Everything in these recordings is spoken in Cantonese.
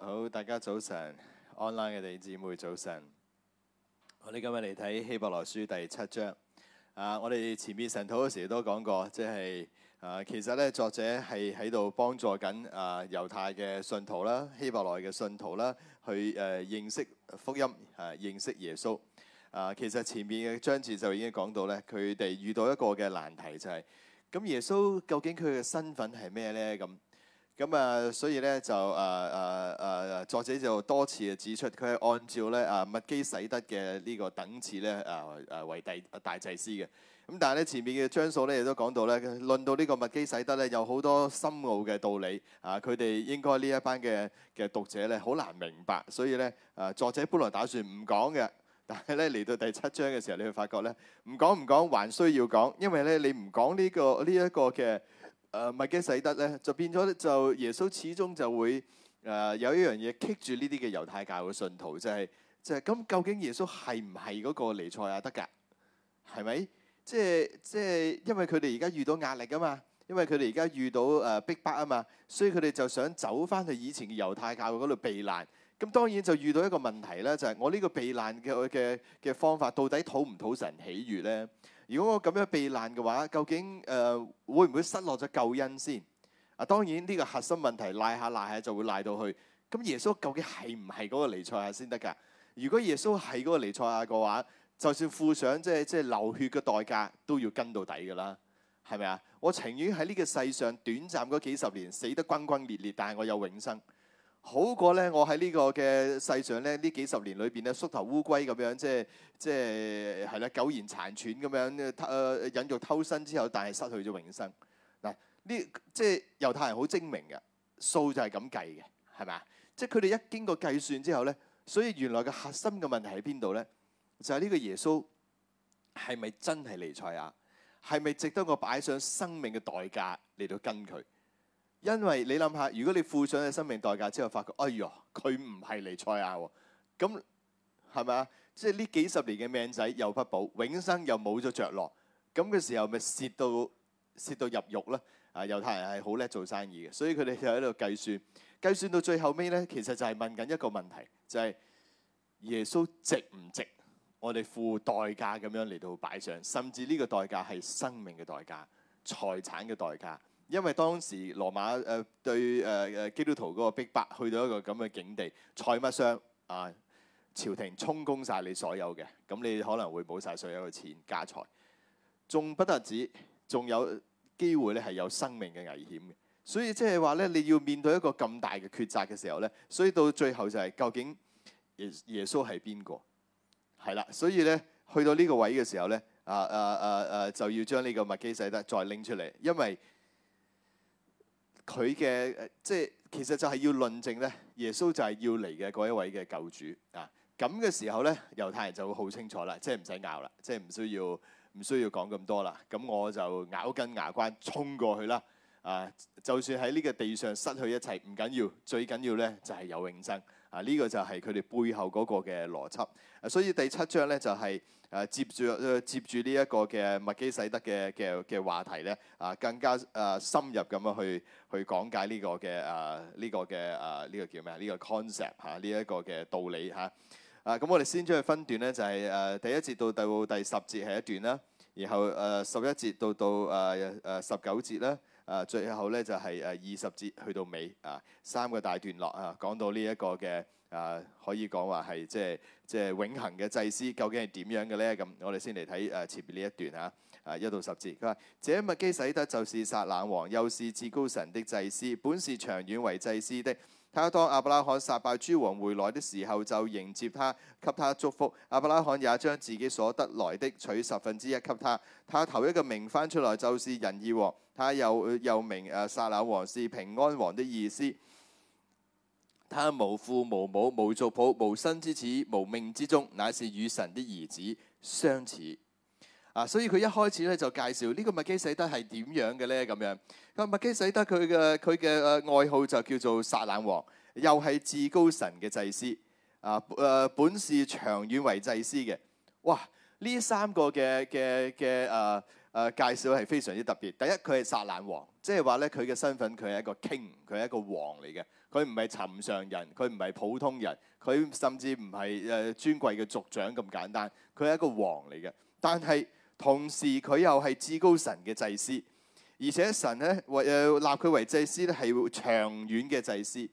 好，大家早晨，online 嘅弟兄姊妹早晨。我哋今日嚟睇希伯來書第七章。啊，我哋前面神討嗰時都講過，即係啊，其實咧作者係喺度幫助緊啊猶太嘅信徒啦，希伯來嘅信徒啦，去誒、啊、認識福音，誒、啊、認識耶穌。啊，其實前面嘅章節就已經講到咧，佢哋遇到一個嘅難題就係、是，咁耶穌究竟佢嘅身份係咩咧？咁。咁啊，所以咧就誒誒誒，作者就多次嘅指出，佢係按照咧啊麥基洗德嘅呢個等次咧啊啊為第大祭司嘅。咁但係咧前面嘅章數咧亦都講到咧，論到呢個麥基洗德咧有好多深奧嘅道理啊，佢哋應該呢一班嘅嘅讀者咧好難明白，所以咧啊作者本來打算唔講嘅，但係咧嚟到第七章嘅時候，你會發覺咧唔講唔講還需要講，因為咧你唔講呢個呢一個嘅。誒唔係嘅，使得咧就變咗就耶穌始終就會誒、呃、有一樣嘢棘住呢啲嘅猶太教嘅信徒，就係、是、就係、是、咁究竟耶穌係唔係嗰個彌賽亞得㗎？係咪？即係即係因為佢哋而家遇到壓力啊嘛，因為佢哋而家遇到誒逼、呃、迫啊嘛，所以佢哋就想走翻去以前嘅猶太教嗰度避難。咁當然就遇到一個問題咧，就係、是、我呢個避難嘅嘅嘅方法到底討唔討神喜悅咧？如果我咁樣避難嘅話，究竟誒、呃、會唔會失落咗救恩先？啊，當然呢個核心問題賴下賴下賴下就會賴到去。咁耶穌究竟係唔係嗰個尼賽亞先得㗎？如果耶穌係嗰個尼賽亞嘅話，就算付上即係即係流血嘅代價，都要跟到底㗎啦，係咪啊？我情願喺呢個世上短暫嗰幾十年死得轟轟烈烈，但係我有永生。好過咧，我喺呢個嘅世上咧，呢幾十年裏邊咧，縮頭烏龜咁樣，即係即係係啦，苟延殘喘咁樣，忍辱偷生之後，但係失去咗永生嗱。呢即係猶太人好精明嘅數就係咁計嘅，係咪啊？即係佢哋一經過計算之後咧，所以原來嘅核心嘅問題喺邊度咧？就係、是、呢個耶穌係咪真係彌賽亞？係咪值得我擺上生命嘅代價嚟到跟佢？因為你諗下，如果你付上嘅生命代價之後，發覺哎唷，佢唔係尼賽亞喎，咁係咪啊？即係呢幾十年嘅命仔又不保，永生又冇咗着落，咁嘅時候咪蝕到蝕到入肉啦，啊，猶太人係好叻做生意嘅，所以佢哋就喺度計算，計算到最後尾呢，其實就係問緊一個問題，就係耶穌值唔值我哋付代價咁樣嚟到擺上，甚至呢個代價係生命嘅代價、財產嘅代價。因為當時羅馬誒對誒誒基督徒嗰個逼迫去到一個咁嘅境地，財乜商？啊，朝廷充公晒你所有嘅，咁你可能會冇晒所有嘅錢家財，仲不特止，仲有機會咧係有生命嘅危險嘅。所以即係話咧，你要面對一個咁大嘅抉擇嘅時候咧，所以到最後就係究竟耶耶穌係邊個？係啦，所以咧去到呢個位嘅時候咧，啊啊啊啊就要將呢個麥基洗德再拎出嚟，因為。佢嘅即係其實就係要論證咧，耶穌就係要嚟嘅嗰一位嘅救主啊！咁嘅時候咧，猶太人就會好清楚啦，即係唔使拗啦，即係唔需要唔需要講咁多啦。咁我就咬緊牙關衝過去啦！啊，就算喺呢個地上失去一切唔緊要，最緊要咧就係有永生。啊！呢個就係佢哋背後嗰個嘅邏輯。啊，所以第七章咧就係誒接住接住呢一個嘅麥基洗德嘅嘅嘅話題咧，啊更加誒深入咁樣去去講解呢個嘅啊呢個嘅啊呢個叫咩啊？呢個 concept 嚇呢一個嘅道理嚇。啊，咁我哋先將佢分段咧，就係誒第一節到到第，第十節係一段啦，然後誒十一節到到誒誒十九節啦。啊啊，最後咧就係誒二十節去到尾啊，三個大段落啊，講到呢一個嘅啊，可以講話係即係即係永恆嘅祭司，究竟係點樣嘅咧？咁我哋先嚟睇誒前面呢一段嚇，啊一到十節，佢話：這麥基洗德就是撒冷王，又是至高神的祭司，本是長遠為祭司的。他當亞伯拉罕殺敗諸王回來的時候，就迎接他，給他祝福。亞伯拉罕也將自己所得來的取十分之一給他。他頭一個名翻出來就是仁義王，他又又名誒撒、啊、冷王是平安王的意思。他無父無母無族譜無生之始無命之終，乃是與神的兒子相似。啊，所以佢一開始咧就介紹個呢個麥基洗德係點樣嘅咧咁樣。咁麥基洗德佢嘅佢嘅誒愛好就叫做撒冷王，又係至高神嘅祭司。啊誒，本是長遠為祭司嘅。哇！呢三個嘅嘅嘅誒誒介紹係非常之特別。第一，佢係撒冷王，即係話咧佢嘅身份佢係一個 king，佢係一個王嚟嘅。佢唔係尋常人，佢唔係普通人，佢甚至唔係誒尊貴嘅族長咁簡單，佢係一個王嚟嘅。但係，同時佢又係至高神嘅祭司，而且神咧為誒立佢為祭司咧係長遠嘅祭司。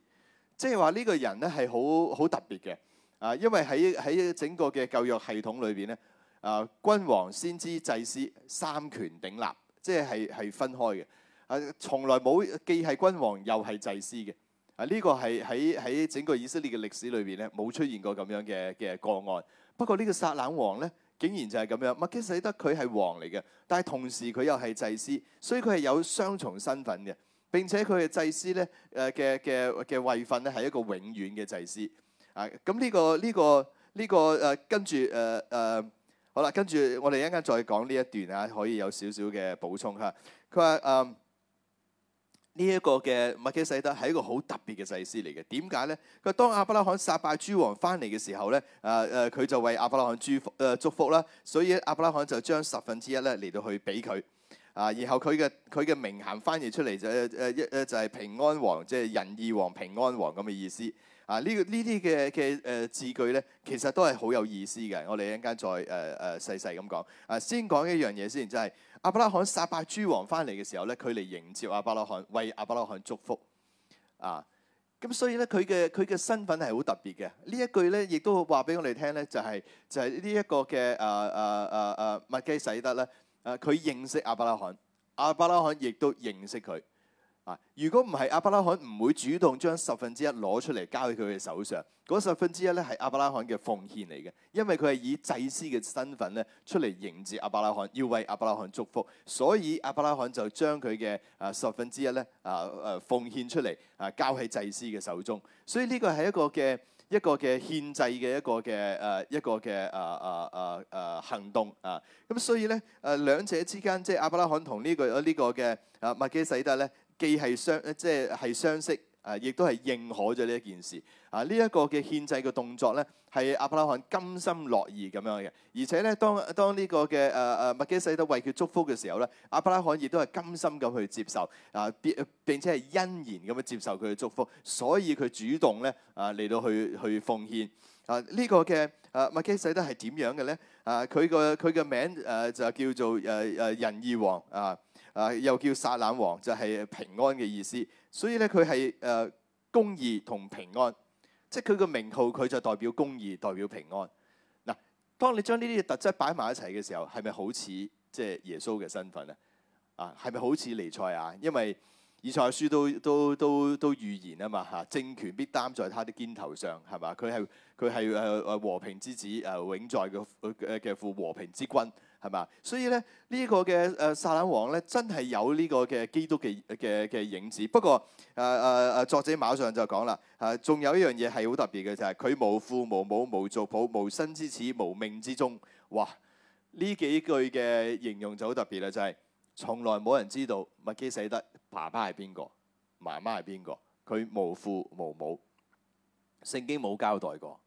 即係話呢個人咧係好好特別嘅啊！因為喺喺整個嘅教育系統裏邊咧啊，君王、先知、祭司三權鼎立，即係係係分開嘅啊，從來冇既係君王又係祭司嘅啊，呢、這個係喺喺整個以色列嘅歷史裏邊咧冇出現過咁樣嘅嘅個案。不過呢個撒冷王咧。竟然就係咁樣，麥基洗德佢係王嚟嘅，但係同時佢又係祭司，所以佢係有雙重身份嘅。並且佢嘅祭司咧，誒嘅嘅嘅位份咧係一個永遠嘅祭司啊。咁呢個呢個呢個誒，跟住誒誒，好啦，跟住我哋一陣間再講呢一段啊，可以有少少嘅補充嚇。佢話誒。啊，呢一個嘅麥基洗德係一個好特別嘅祭司嚟嘅，點解咧？佢當亞伯拉罕殺敗諸王翻嚟嘅時候咧，誒、呃、誒，佢就為亞伯拉罕祝福誒、呃、祝福啦。所以亞伯拉罕就將十分之一咧嚟到去俾佢，啊，然後佢嘅佢嘅名銜翻譯出嚟就誒誒一誒就係、是、平安王，即、就、係、是、仁義王、平安王咁嘅意思。啊，呢個呢啲嘅嘅誒字句咧，其實都係好有意思嘅。我哋一陣間再誒誒細細咁講。啊，先講一樣嘢先，真、就、係、是。亞伯拉罕殺敗諸王翻嚟嘅時候咧，佢嚟迎接亞伯拉罕，為亞伯拉罕祝福啊！咁所以咧，佢嘅佢嘅身份係好特別嘅。呢一句咧，亦都話俾我哋聽咧，就係、是、就係呢一個嘅誒誒誒誒，麥、啊啊啊、基洗德咧，佢、啊、認識亞伯拉罕，亞伯拉罕亦都認識佢。啊！如果唔係，亞伯拉罕唔會主動將十分之一攞出嚟交喺佢嘅手上。嗰十分之一咧係亞伯拉罕嘅奉獻嚟嘅，因為佢係以祭司嘅身份咧出嚟迎接亞伯拉罕，要為亞伯拉罕祝福，所以亞伯拉罕就將佢嘅啊十分之一咧啊誒奉獻出嚟啊交喺祭司嘅手中。所以呢個係一個嘅一個嘅獻祭嘅一個嘅誒一個嘅誒誒誒誒行動啊。咁所以咧誒兩者之間即係亞伯拉罕同、這個這個這個啊、呢個呢個嘅啊麥基洗德咧。既係相，即係相識，誒，亦都係認可咗呢一件事，啊。啊，呢、這、一個嘅獻祭嘅動作咧，係亞伯拉罕甘心樂意咁樣嘅。而且咧，當當呢個嘅誒誒麥基洗德為佢祝福嘅時候咧，亞伯拉罕亦都係甘心咁去接受啊，並且係欣然咁樣接受佢嘅祝福。所以佢主動咧啊嚟到去去奉獻啊，啊、呢個嘅誒麥基洗德係點樣嘅咧？啊，佢個佢嘅名誒、啊、就叫做誒誒仁義王啊。啊，又叫撒冷王，就係平安嘅意思。所以咧，佢係誒公義同平安，即係佢個名號，佢就代表公義，代表平安。嗱，當你將呢啲特質擺埋一齊嘅時候，係咪好似即係耶穌嘅身份咧？啊，係咪好似尼賽亞？因為以賽亞書都都都都預言啊嘛嚇，政權必擔在他的肩頭上，係嘛？佢係佢係誒和平之子，誒永在嘅嘅父和平之君。係嘛？所以咧，呢、這個嘅誒撒冷王咧，真係有呢個嘅基督嘅嘅嘅影子。不過誒誒誒，作者馬上就講啦，誒、呃、仲有一樣嘢係好特別嘅就係、是、佢無父無母無族譜，無身之始無命之終。哇！呢幾句嘅形容就好特別啦，就係、是、從來冇人知道麥基洗德爸爸係邊個，媽媽係邊個，佢無父無母，聖經冇交代過。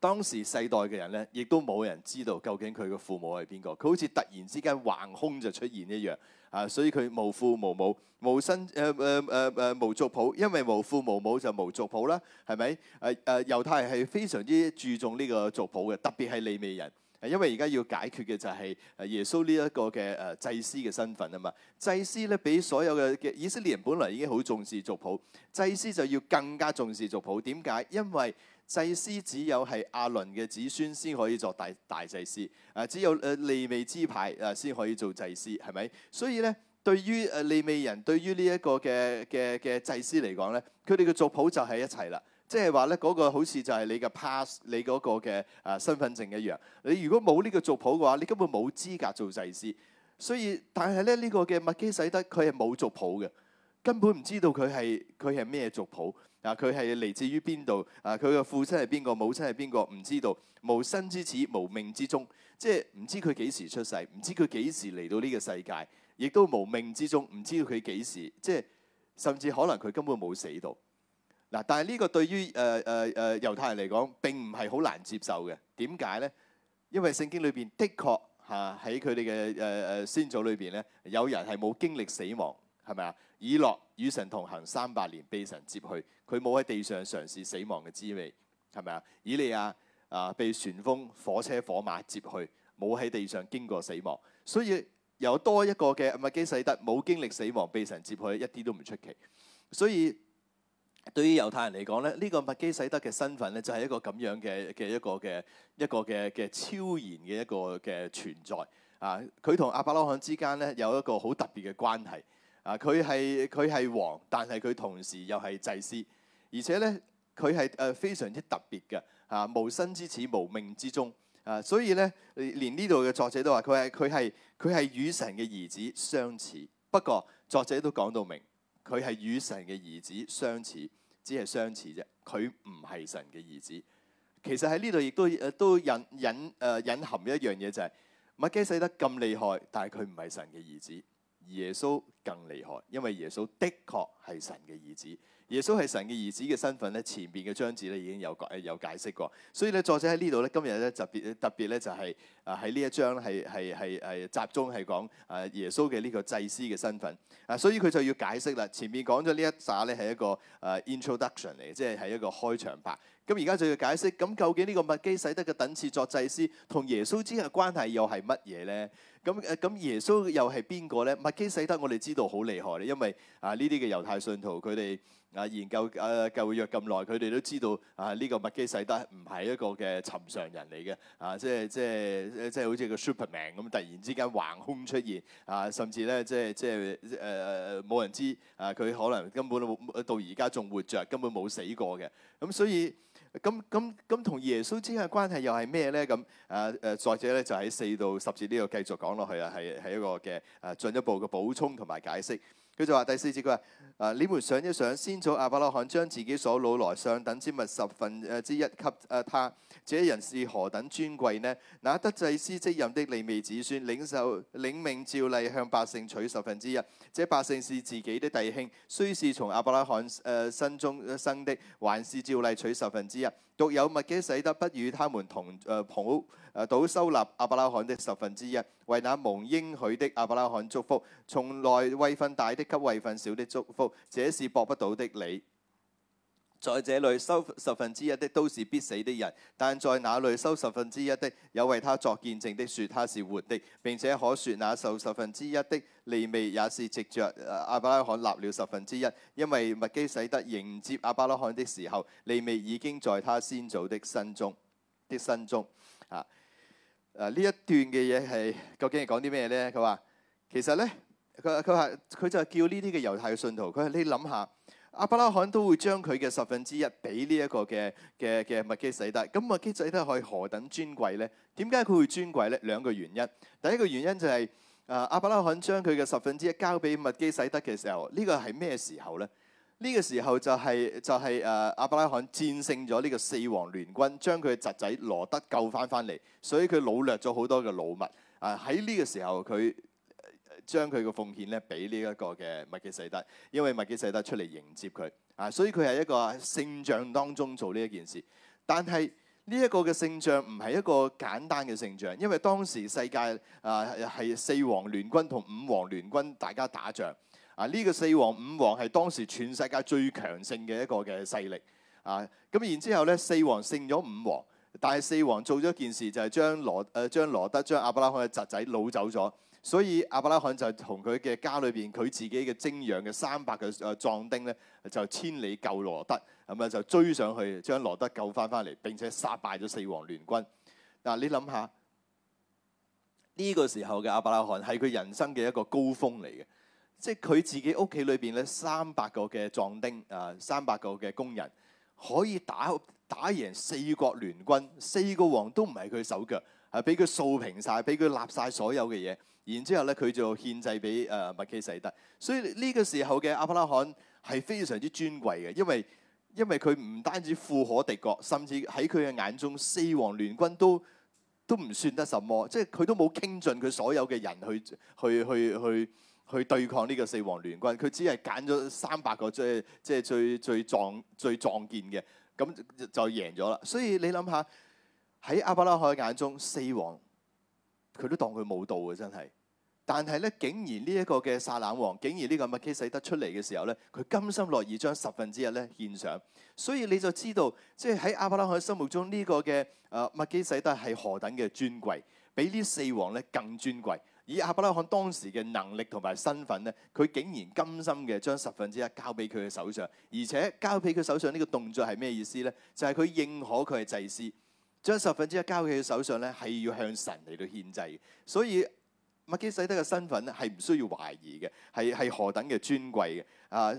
當時世代嘅人咧，亦都冇人知道究竟佢嘅父母係邊個，佢好似突然之間橫空就出現一樣啊！所以佢無父無母無身，誒誒誒誒無族譜，因為無父無母就無族譜啦，係咪？誒誒猶太人係非常之注重呢個族譜嘅，特別係利未人，因為而家要解決嘅就係耶穌呢一個嘅誒祭司嘅身份啊嘛！祭司咧，俾所有嘅嘅以色列人本來已經好重視族譜，祭司就要更加重視族譜。點解？因為祭司只有係亞倫嘅子孫先可以做大大祭司，啊只有誒利未支派啊先可以做祭司，係咪？所以咧，對於誒利未人對於呢一個嘅嘅嘅祭司嚟講咧，佢哋嘅族譜就係一齊啦，即係話咧嗰個好似就係你嘅 pass，你嗰個嘅啊身份證一樣。你如果冇呢個族譜嘅話，你根本冇資格做祭司。所以，但係咧呢、這個嘅麥基洗德佢係冇族譜嘅，根本唔知道佢係佢係咩族譜。嗱，佢係嚟自於邊度？啊，佢嘅父親係邊個？母親係邊個？唔知道，無生之始，無命之終，即係唔知佢幾時出世，唔知佢幾時嚟到呢個世界，亦都無命之中，唔知道佢幾時，即係甚至可能佢根本冇死到。嗱，但係呢個對於誒誒誒猶太人嚟講，並唔係好難接受嘅。點解咧？因為聖經裏邊的確嚇喺佢哋嘅誒誒先祖裏邊咧，有人係冇經歷死亡。係咪啊？以諾與神同行三百年，被神接去，佢冇喺地上嘗試死亡嘅滋味，係咪啊？以利亞啊，被旋風、火車、火馬接去，冇喺地上經過死亡，所以有多一個嘅麥基洗德冇經歷死亡，被神接去一啲都唔出奇。所以對於猶太人嚟講咧，呢個麥基洗德嘅身份咧，就係一個咁樣嘅嘅一個嘅一個嘅嘅超然嘅一個嘅存在啊。佢同亞伯拉罕之間咧，有一個好特別嘅關係。啊！佢係佢係王，但係佢同時又係祭司，而且咧佢係誒非常之特別㗎、啊，無生之始，無命之終啊！所以咧，連呢度嘅作者都話：佢係佢係佢係與神嘅兒子相似。不過作者都講到明，佢係與神嘅兒子相似，只係相似啫，佢唔係神嘅兒子。其實喺呢度亦都誒都隱隱誒、呃、隱含一樣嘢、就是，就係麥基洗德咁厲害，但係佢唔係神嘅兒子。耶穌更厲害，因為耶穌的確係神嘅兒子。耶穌係神嘅兒子嘅身份咧，前邊嘅章節咧已經有解有解釋過。所以咧，作者喺呢度咧，今日咧特別特別咧就係啊喺呢一章咧係係係集中係講啊耶穌嘅呢個祭司嘅身份。啊，所以佢就要解釋啦。前面講咗呢一紮咧係一個誒 introduction 嚟嘅，即係係一個開場白。咁而家就要解釋，咁究竟呢個麥基洗德嘅等次作祭司，同耶穌之間嘅關係又係乜嘢咧？咁誒，咁耶穌又係邊個咧？麥基洗德我哋知道好厲害咧，因為啊呢啲嘅猶太信徒佢哋啊研究啊舊約咁耐，佢哋都知道啊呢個麥基洗德唔係一個嘅尋常人嚟嘅，啊即係即係即係好似個 Superman 咁，突然之間橫空出現啊，甚至咧即係即係誒冇人知啊佢可能根本到而家仲活着，根本冇死過嘅，咁所以。咁咁咁同耶穌之間嘅關係又係咩咧？咁啊誒、呃，再者咧就喺四到十節呢度繼續講落去啊，係係一個嘅誒進一步嘅補充同埋解釋。佢就話第四節，佢話：誒，你們想一想，先祖亞伯拉罕將自己所攞來上等之物十分誒之一給誒他，這人是何等尊貴呢？那得祭司職任的利未子孫，領受領命照例向百姓取十分之一，這百姓是自己的弟兄，雖是從亞伯拉罕誒身、呃、中生的，還是照例取十分之一。獨有麥基洗德不與他們同誒譜，誒倒收納亞伯拉罕的十分之一，為那蒙應許的亞伯拉罕祝福，從來位份大的給位份小的祝福，這是駁不倒的理。在這裏收十分之一的都是必死的人，但在那裏收十分之一的有為他作見證的，說他是活的，並且可說那受十分之一的利未也是藉著亞伯拉罕立了十分之一，因為麥基洗德迎接亞伯拉罕的時候，利未已經在他先祖的身中，的身中啊。呢一段嘅嘢係究竟係講啲咩咧？佢話其實咧，佢佢話佢就係叫呢啲嘅猶太信徒，佢話你諗下。阿伯拉罕都會將佢嘅十分之一俾呢一個嘅嘅嘅麥基洗德，咁麥基洗德係何等尊貴咧？點解佢會尊貴咧？兩個原因。第一個原因就係、是、阿、啊、伯拉罕將佢嘅十分之一交俾麥基洗德嘅時候，呢、這個係咩時候咧？呢、這個時候就係、是、就係、是、阿、啊、伯拉罕戰勝咗呢個四王聯軍，將佢嘅侄仔羅得救翻翻嚟，所以佢擄掠咗好多嘅老物。喺、啊、呢個時候佢。將佢嘅奉獻咧，俾呢一個嘅麥基洗德，因為麥基洗德出嚟迎接佢啊，所以佢係一個勝仗當中做呢一件事。但係呢一個嘅勝仗唔係一個簡單嘅勝仗，因為當時世界啊係四王聯軍同五王聯軍大家打仗啊。呢、這個四王五王係當時全世界最強盛嘅一個嘅勢力啊。咁然之後咧，四王勝咗五王，但係四王做咗一件事，就係將羅誒將羅德將亞伯拉罕嘅侄仔擄走咗。所以亞伯拉罕就同佢嘅家裏邊佢自己嘅精養嘅三百嘅誒壯丁咧，就千里救羅德，咁啊就追上去將羅德救翻翻嚟，並且殺敗咗四王聯軍。嗱，啊，你諗下呢個時候嘅亞伯拉罕係佢人生嘅一個高峰嚟嘅，即係佢自己屋企裏邊咧三百個嘅壯丁啊，三百個嘅工人可以打打贏四國聯軍，四個王都唔係佢手腳，係俾佢掃平晒，俾佢立晒所有嘅嘢。然之後咧，佢就獻祭俾誒麥基洗德，所以呢個時候嘅阿巴拉罕係非常之尊貴嘅，因為因為佢唔單止富可敵國，甚至喺佢嘅眼中四王聯軍都都唔算得什麼。即係佢都冇傾盡佢所有嘅人去去去去去，去對抗呢個四王聯軍，佢只係揀咗三百個即係即係最最壯最壯健嘅，咁就贏咗啦。所以你諗下喺阿巴拉罕眼中四王。佢都當佢冇到㗎，真係。但係咧，竟然呢一個嘅撒冷王，竟然呢個麥基洗德出嚟嘅時候咧，佢甘心樂意將十分之一咧獻上。所以你就知道，即係喺亞伯拉罕心目中呢，呢個嘅誒，啊，麥基洗德係何等嘅尊貴，比呢四王咧更尊貴。以亞伯拉罕當時嘅能力同埋身份咧，佢竟然甘心嘅將十分之一交俾佢嘅手上，而且交俾佢手上呢個動作係咩意思咧？就係，係，佢認可佢係祭司。將十分之一交佢手上咧，係要向神嚟到獻祭。所以麥基洗德嘅身份咧，係唔需要懷疑嘅，係係何等嘅尊貴嘅。啊，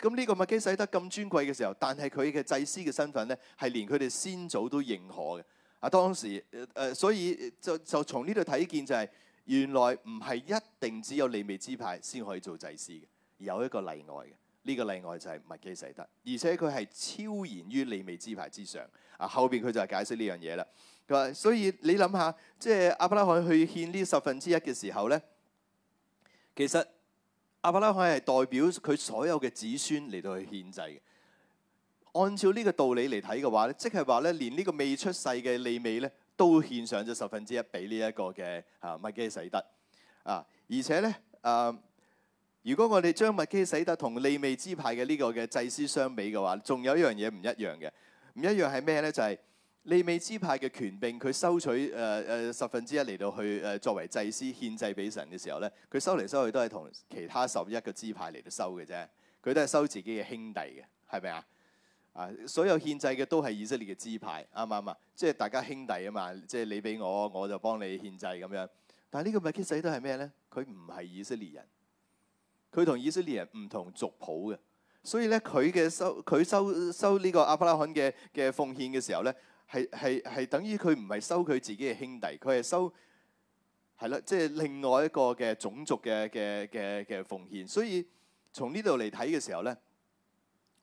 咁呢個麥基洗德咁尊貴嘅時候，但係佢嘅祭司嘅身份咧，係連佢哋先祖都認可嘅。啊，當時誒、啊，所以就就從呢度睇見就係、是、原來唔係一定只有利未支派先可以做祭司嘅，有一個例外嘅。呢、這個例外就係麥基洗德，而且佢係超然於利未支派之上。啊，後邊佢就係解釋呢樣嘢啦。佢話：所以你諗下，即係亞伯拉罕去獻呢十分之一嘅時候咧，其實亞伯拉罕係代表佢所有嘅子孫嚟到去獻祭嘅。按照呢個道理嚟睇嘅話咧，即係話咧，連呢個未出世嘅利未咧，都獻上咗十分之一俾呢一個嘅啊麥基洗德啊。而且咧，誒、啊，如果我哋將麥基洗德同利未支派嘅呢個嘅祭司相比嘅話，仲有一樣嘢唔一樣嘅。唔一樣係咩咧？就係、是、利未支派嘅權柄，佢收取誒誒、呃、十分之一嚟到去誒作為祭司獻祭俾神嘅時候咧，佢收嚟收去都係同其他十一個支派嚟到收嘅啫，佢都係收自己嘅兄弟嘅，係咪啊？啊，所有獻祭嘅都係以色列嘅支派，啱唔啱啊？即係大家兄弟啊嘛，即係你俾我，我就幫你獻祭咁樣。但係呢個麥基洗德係咩咧？佢唔係以色列人，佢同以色列人唔同族譜嘅。所以咧，佢嘅收佢收收呢個亞伯拉罕嘅嘅奉獻嘅時候咧，係係係等於佢唔係收佢自己嘅兄弟，佢係收係啦，即係、就是、另外一個嘅種族嘅嘅嘅嘅奉獻。所以從呢度嚟睇嘅時候咧，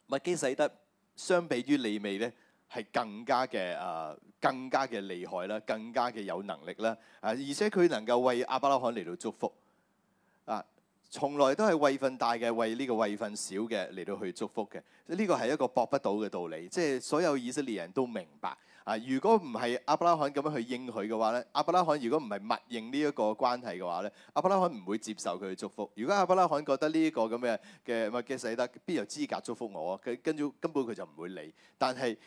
麥基洗德相比於利未咧，係更加嘅啊，更加嘅厲害啦，更加嘅有能力啦，啊，而且佢能夠為亞伯拉罕嚟到祝福。從來都係位份大嘅，為呢個位份少嘅嚟到去祝福嘅，呢個係一個博不到嘅道理。即係所有以色列人都明白啊！如果唔係亞伯拉罕咁樣去應佢嘅話咧，亞、啊、伯拉罕如果唔係默認呢一個關係嘅話咧，亞、啊、伯拉罕唔會接受佢嘅祝福。如果亞伯拉罕覺得呢、這、一個咁嘅嘅麥基洗德，邊有資格祝福我？佢跟住根本佢就唔會理。但係、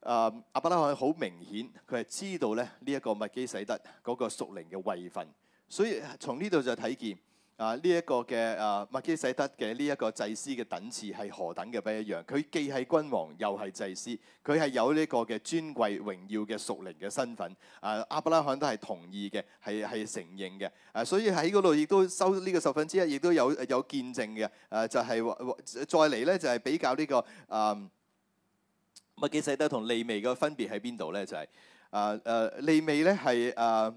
呃、啊，亞伯拉罕好明顯，佢係知道咧呢一、這個麥基洗德嗰、那個屬靈嘅位份，所以從呢度就睇見。啊！呢、這、一個嘅啊，麥基洗德嘅呢一個祭司嘅等次係何等嘅不一樣？佢既係君王又係祭司，佢係有呢一個嘅尊貴榮耀嘅屬靈嘅身份。啊，亞伯拉罕都係同意嘅，係係承認嘅。啊，所以喺嗰度亦都收呢個十分之一，亦都有有見證嘅。誒、啊，就係、是、再嚟咧，就係、是、比較呢、這個啊麥基洗德同利未嘅分別喺邊度咧？就係、是、啊誒、啊，利未咧係啊，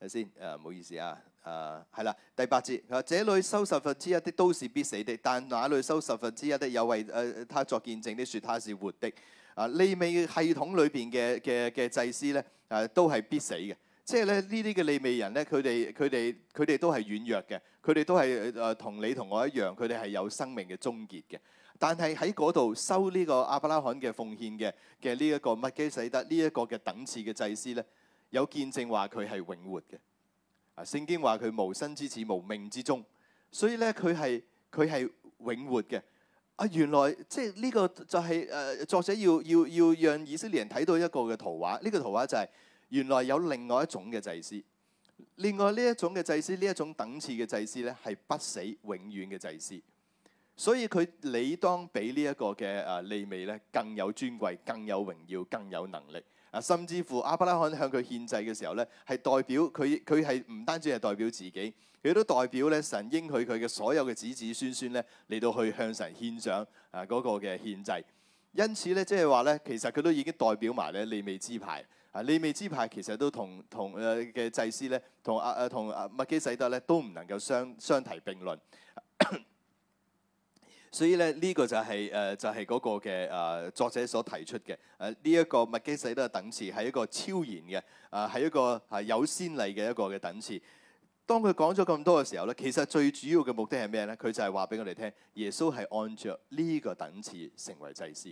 係先誒，唔、啊、好意思啊。啊，係啦，第八節，佢話：這裡收十分之一的都是必死的，但那裏收十分之一的有為？誒，他作見證的，說他是活的。啊，利未系統裏邊嘅嘅嘅祭司咧，啊，都係必死嘅。即係咧，呢啲嘅利未人咧，佢哋佢哋佢哋都係軟弱嘅，佢哋都係誒同你同我一樣，佢哋係有生命嘅終結嘅。但係喺嗰度收呢個亞伯拉罕嘅奉獻嘅嘅呢一個麥基洗德呢一個嘅等次嘅祭司咧，有見證話佢係永活嘅。聖經話佢無生之始，無命之終，所以咧佢係佢係永活嘅。啊，原來即係呢個就係誒作者要要要讓以色列人睇到一個嘅圖畫。呢個圖畫就係原來有另外一種嘅祭司，另外呢一種嘅祭司，呢一種等次嘅祭司咧係不死永遠嘅祭司。所以佢理當比呢一個嘅誒利未咧更有尊貴、更有榮耀、更有能力。啊，甚至乎亞伯拉罕向佢獻祭嘅時候咧，係代表佢佢係唔單止係代表自己，佢都代表咧神應許佢嘅所有嘅子子孫孫咧嚟到去向神獻上啊嗰、嗰個嘅獻祭。因此咧，即係話咧，其實佢都已經代表埋咧利未支派。啊，利未支派其實都同同誒嘅、啊、祭司咧，同阿誒、啊啊、同麥基洗德咧都唔能夠相相提並論。 所以咧，呢、這個就係、是、誒、呃，就係、是、嗰個嘅誒、呃、作者所提出嘅誒，呢、啊、一、這個麥基洗德係等次，係一個超然嘅，誒、啊、係一個係有先例嘅一個嘅等次。當佢講咗咁多嘅時候咧，其實最主要嘅目的係咩咧？佢就係話俾我哋聽，耶穌係按着呢個等次成為祭司，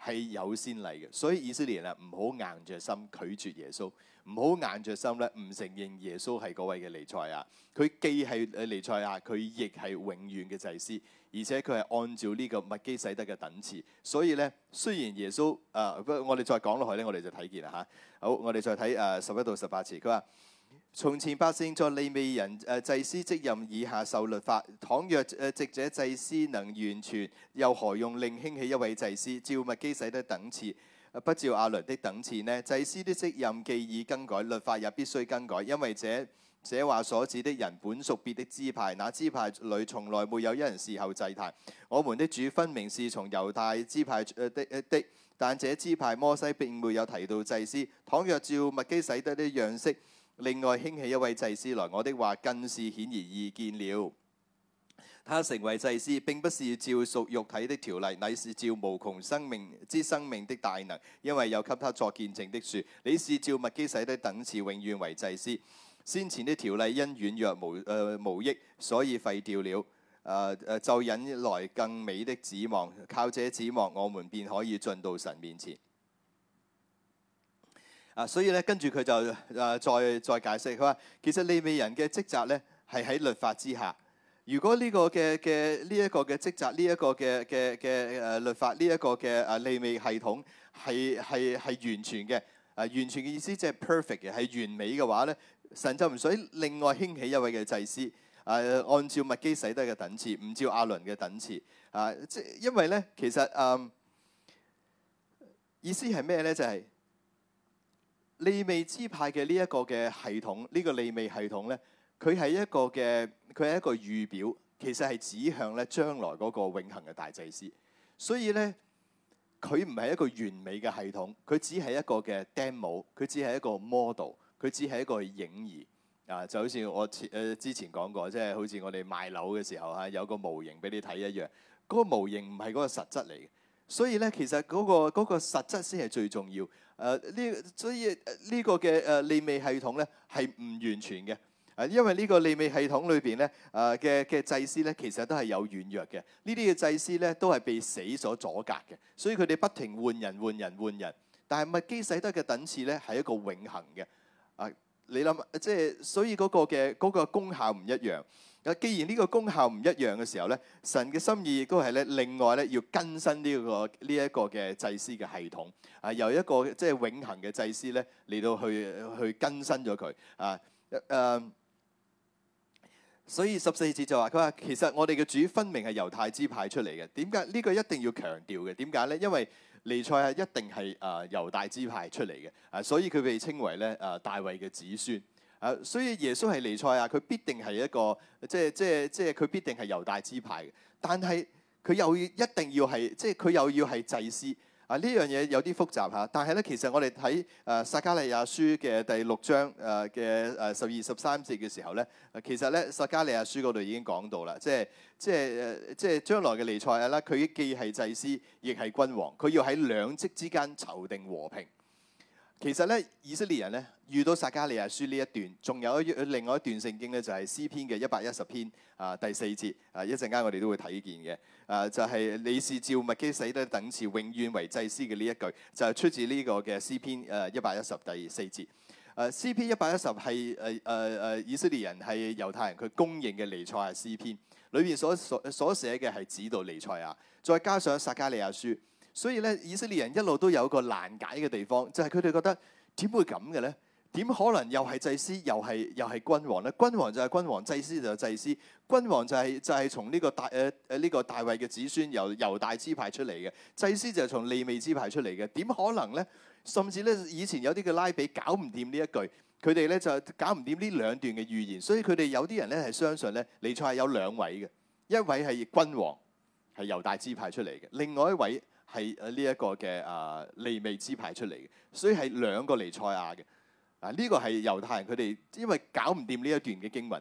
係有先例嘅。所以以色列人啊，唔好硬着心拒絕耶穌。唔好硬着心咧，唔承認耶穌係嗰位嘅彌賽亞。佢既係誒彌賽亞，佢亦係永遠嘅祭司，而且佢係按照呢個麥基洗德嘅等次。所以咧，雖然耶穌誒、啊，我哋再講落去咧，我哋就睇見啦吓、啊，好，我哋再睇誒十一到十八節，佢話：從前百姓在利未人誒、啊、祭司職任以下受律法，倘若誒直者祭司能完全，又何用另興起一位祭司照麥基洗德等次？不照亞倫的等次呢？祭司的職任既已更改，律法也必須更改，因為這這話所指的人本屬別的支派，那支派裏從來沒有一人侍候祭壇。我們的主分明是從猶太支派的的，但這支派摩西並沒有提到祭司。倘若照麥基洗德的樣式，另外興起一位祭司來，我的話更是顯而易見了。他成為祭司，並不是照屬肉體的條例，乃是照無窮生命之生命的大能，因為有給他作見證的說。你是照麥基洗德的等次永遠為祭司。先前的條例因軟弱無誒、呃、無益，所以廢掉了。誒、呃、誒、呃，就引來更美的指望。靠這指望，我們便可以進到神面前。啊，所以咧，跟住佢就誒、呃、再再解釋，佢話其實利未人嘅職責咧係喺律法之下。如果呢個嘅嘅呢一個嘅職責，呢、這、一個嘅嘅嘅誒律法，呢、這、一個嘅誒利未系統係係係完全嘅，誒、呃、完全嘅意思即係 perfect 嘅，係完美嘅話咧，神就唔使另外興起一位嘅祭司，誒、呃、按照麥基洗德嘅等次，唔照亞倫嘅等次，啊、呃，即因為咧，其實誒、呃、意思係咩咧？就係、是、利未支派嘅呢一個嘅系統，呢、這個利未系統咧。佢係一個嘅，佢係一個預表，其實係指向咧將來嗰個永恆嘅大祭司。所以咧，佢唔係一個完美嘅系統，佢只係一個嘅 demo，佢只係一個 model，佢只係一個影兒啊，就好似我誒之前講過，即係好似我哋賣樓嘅時候啊，有個模型俾你睇一樣，嗰個模型唔係嗰個實質嚟嘅。所以咧，其實嗰個嗰個實質先係最重要。誒呢，所以呢個嘅誒利未系統咧係唔完全嘅。啊，因為呢個利未系統裏邊咧，誒嘅嘅祭司咧，其實都係有軟弱嘅。呢啲嘅祭司咧，都係被死所阻隔嘅，所以佢哋不停換人、換人、換人。但係麥基洗德嘅等次咧，係一個永恆嘅。啊，你諗，即係所以嗰個嘅嗰個功效唔一樣。既然呢個功效唔一樣嘅時候咧，神嘅心意亦都係咧，另外咧要更新呢個呢一個嘅祭司嘅系統。啊，由一個即係永恆嘅祭司咧嚟到去去更新咗佢。啊，誒。所以十四節就話佢話其實我哋嘅主分明係猶太支派出嚟嘅，點解呢個一定要強調嘅？點解呢？因為彌賽亞一定係啊猶大支派出嚟嘅啊，所以佢被稱為咧啊大衛嘅子孫啊，所以耶穌係彌賽亞，佢必定係一個即係即係即係佢必定係猶大支派嘅，但係佢又要一定要係即係佢又要係祭司。啊！呢樣嘢有啲複雜嚇，但係咧，其實我哋睇誒《撒迦利亞書》嘅第六章誒嘅誒十二十三節嘅時候咧，其實咧，《撒迦利亞書》嗰度已經講到啦，即係即係即係將來嘅尼賽亞啦，佢既係祭司，亦係君王，佢要喺兩職之間籌定和平。其實咧，以色列人咧遇到撒迦利亞書呢一段，仲有一另外一段聖經咧，就係、是、詩篇嘅一百一十篇啊第四節啊，一陣間我哋都會睇見嘅啊。就係、是、你是照麥基洗德等次永遠為祭司嘅呢一句，就係、是、出自呢個嘅詩篇誒一百一十第四節。誒詩篇一百一十係誒誒誒以色列人係猶太人佢公認嘅彌賽亞，詩篇裏邊所所所寫嘅係指到彌賽亞，再加上撒迦利亞書。所以咧，以色列人一路都有個難解嘅地方，就係佢哋覺得點會咁嘅咧？點可能又係祭司，又係又係君王咧？君王就係君王，祭司就係祭司。君王就係、是、就係從呢個大誒誒呢個大衛嘅子孫由猶大支派出嚟嘅，祭司就係從利未支派出嚟嘅。點可能咧？甚至咧，以前有啲嘅拉比搞唔掂呢一句，佢哋咧就搞唔掂呢兩段嘅預言。所以佢哋有啲人咧係相信咧，彌賽亞係有兩位嘅，一位係君王係猶大支派出嚟嘅，另外一位。係誒呢一個嘅啊利未支派出嚟嘅，所以係兩個尼賽亞嘅。啊呢個係猶太人佢哋因為搞唔掂呢一段嘅經文，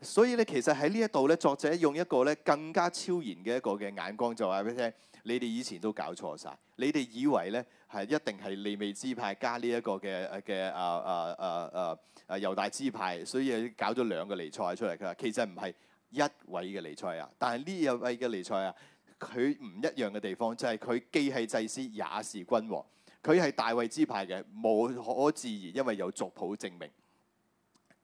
所以咧其實喺呢一度咧作者用一個咧更加超然嘅一個嘅眼光就話俾你聽：你哋以前都搞錯晒，你哋以為咧係一定係利未支派加呢一個嘅嘅啊啊，啊啊啊啊猶大支派，所以搞咗兩個尼賽亞出嚟㗎。其實唔係一位嘅尼賽亞，但係呢一位嘅尼賽亞。佢唔一樣嘅地方就係佢既係祭司也是君王，佢係大衛支派嘅，無可置疑，因為有族譜證明。